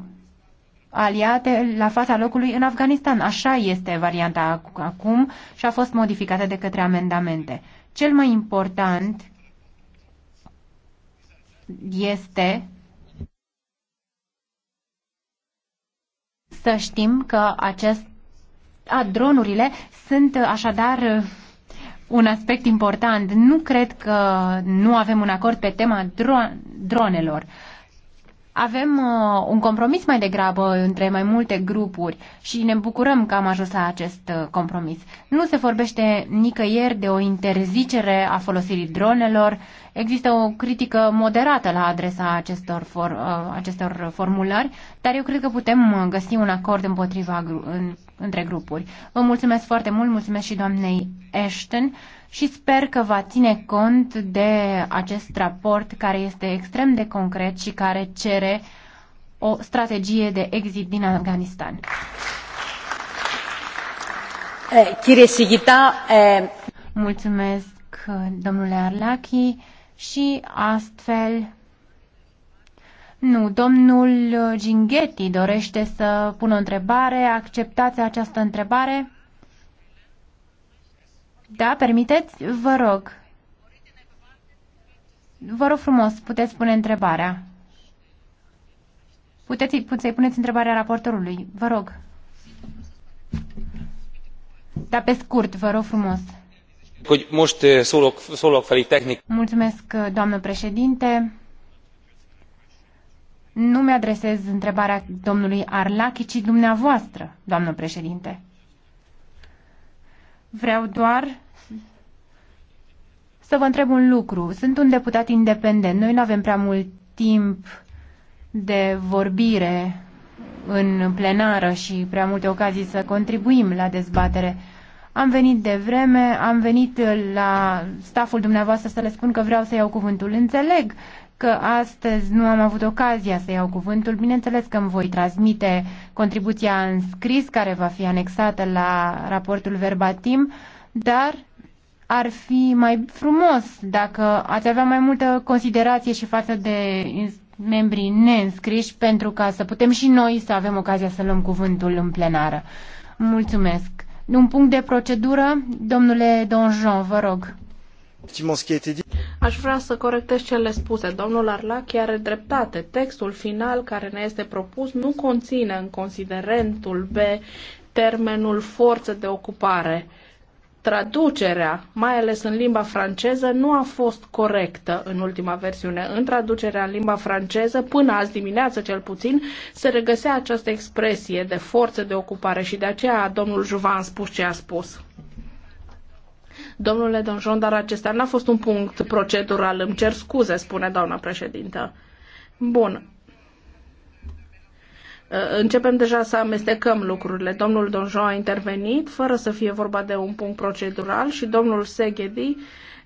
aliate la fața locului în Afganistan. Așa este varianta acum și a fost modificată de către amendamente. Cel mai important este să știm că acest, a, dronurile sunt așadar un aspect important. Nu cred că nu avem un acord pe tema dro- dronelor. Uh, avem uh, un compromis mai degrabă între mai multe grupuri și ne bucurăm că am ajuns la acest uh, compromis. Nu se vorbește nicăieri de o interzicere a folosirii dronelor. Există o critică moderată la adresa acestor, for, uh, acestor formulări, dar eu cred că putem uh, găsi un acord împotriva gru- în, între grupuri. Vă mulțumesc foarte mult, mulțumesc și doamnei Ashton și sper că va ține cont de acest raport care este extrem de concret și care cere o strategie de exit din Afganistan. Eh, eh, Mulțumesc, domnule Arlachi, și astfel nu, domnul Ginghetti dorește să pună o întrebare. Acceptați această întrebare? Da, permiteți? Vă rog. Vă rog frumos, puteți pune întrebarea. Puteți să-i puneți întrebarea raportorului. Vă rog. Da, pe scurt, vă rog frumos. Eh, Mulțumesc, eh, doamnă președinte. Nu mi-adresez întrebarea domnului Arlachi, ci dumneavoastră, doamnă președinte. Vreau doar să vă întreb un lucru. Sunt un deputat independent. Noi nu avem prea mult timp de vorbire în plenară și prea multe ocazii să contribuim la dezbatere. Am venit de vreme, am venit la staful dumneavoastră să le spun că vreau să iau cuvântul. Înțeleg că astăzi nu am avut ocazia să iau cuvântul. Bineînțeles că îmi voi transmite contribuția în scris care va fi anexată la raportul verbatim, dar ar fi mai frumos dacă ați avea mai multă considerație și față de membrii neînscriși pentru ca să putem și noi să avem ocazia să luăm cuvântul în plenară. Mulțumesc. Un punct de procedură, domnule Donjon, vă rog. Aș vrea să corectez cele spuse. Domnul Arlachi are dreptate. Textul final care ne este propus nu conține în considerentul B termenul forță de ocupare. Traducerea, mai ales în limba franceză, nu a fost corectă în ultima versiune. În traducerea în limba franceză, până azi dimineață cel puțin, se regăsea această expresie de forță de ocupare și de aceea domnul Juvan a spus ce a spus. Domnule Donjon, dar acesta n-a fost un punct procedural. Îmi cer scuze, spune doamna președintă. Bun. Uh, începem deja să amestecăm lucrurile. Domnul Donjon a intervenit fără să fie vorba de un punct procedural și domnul Seghedi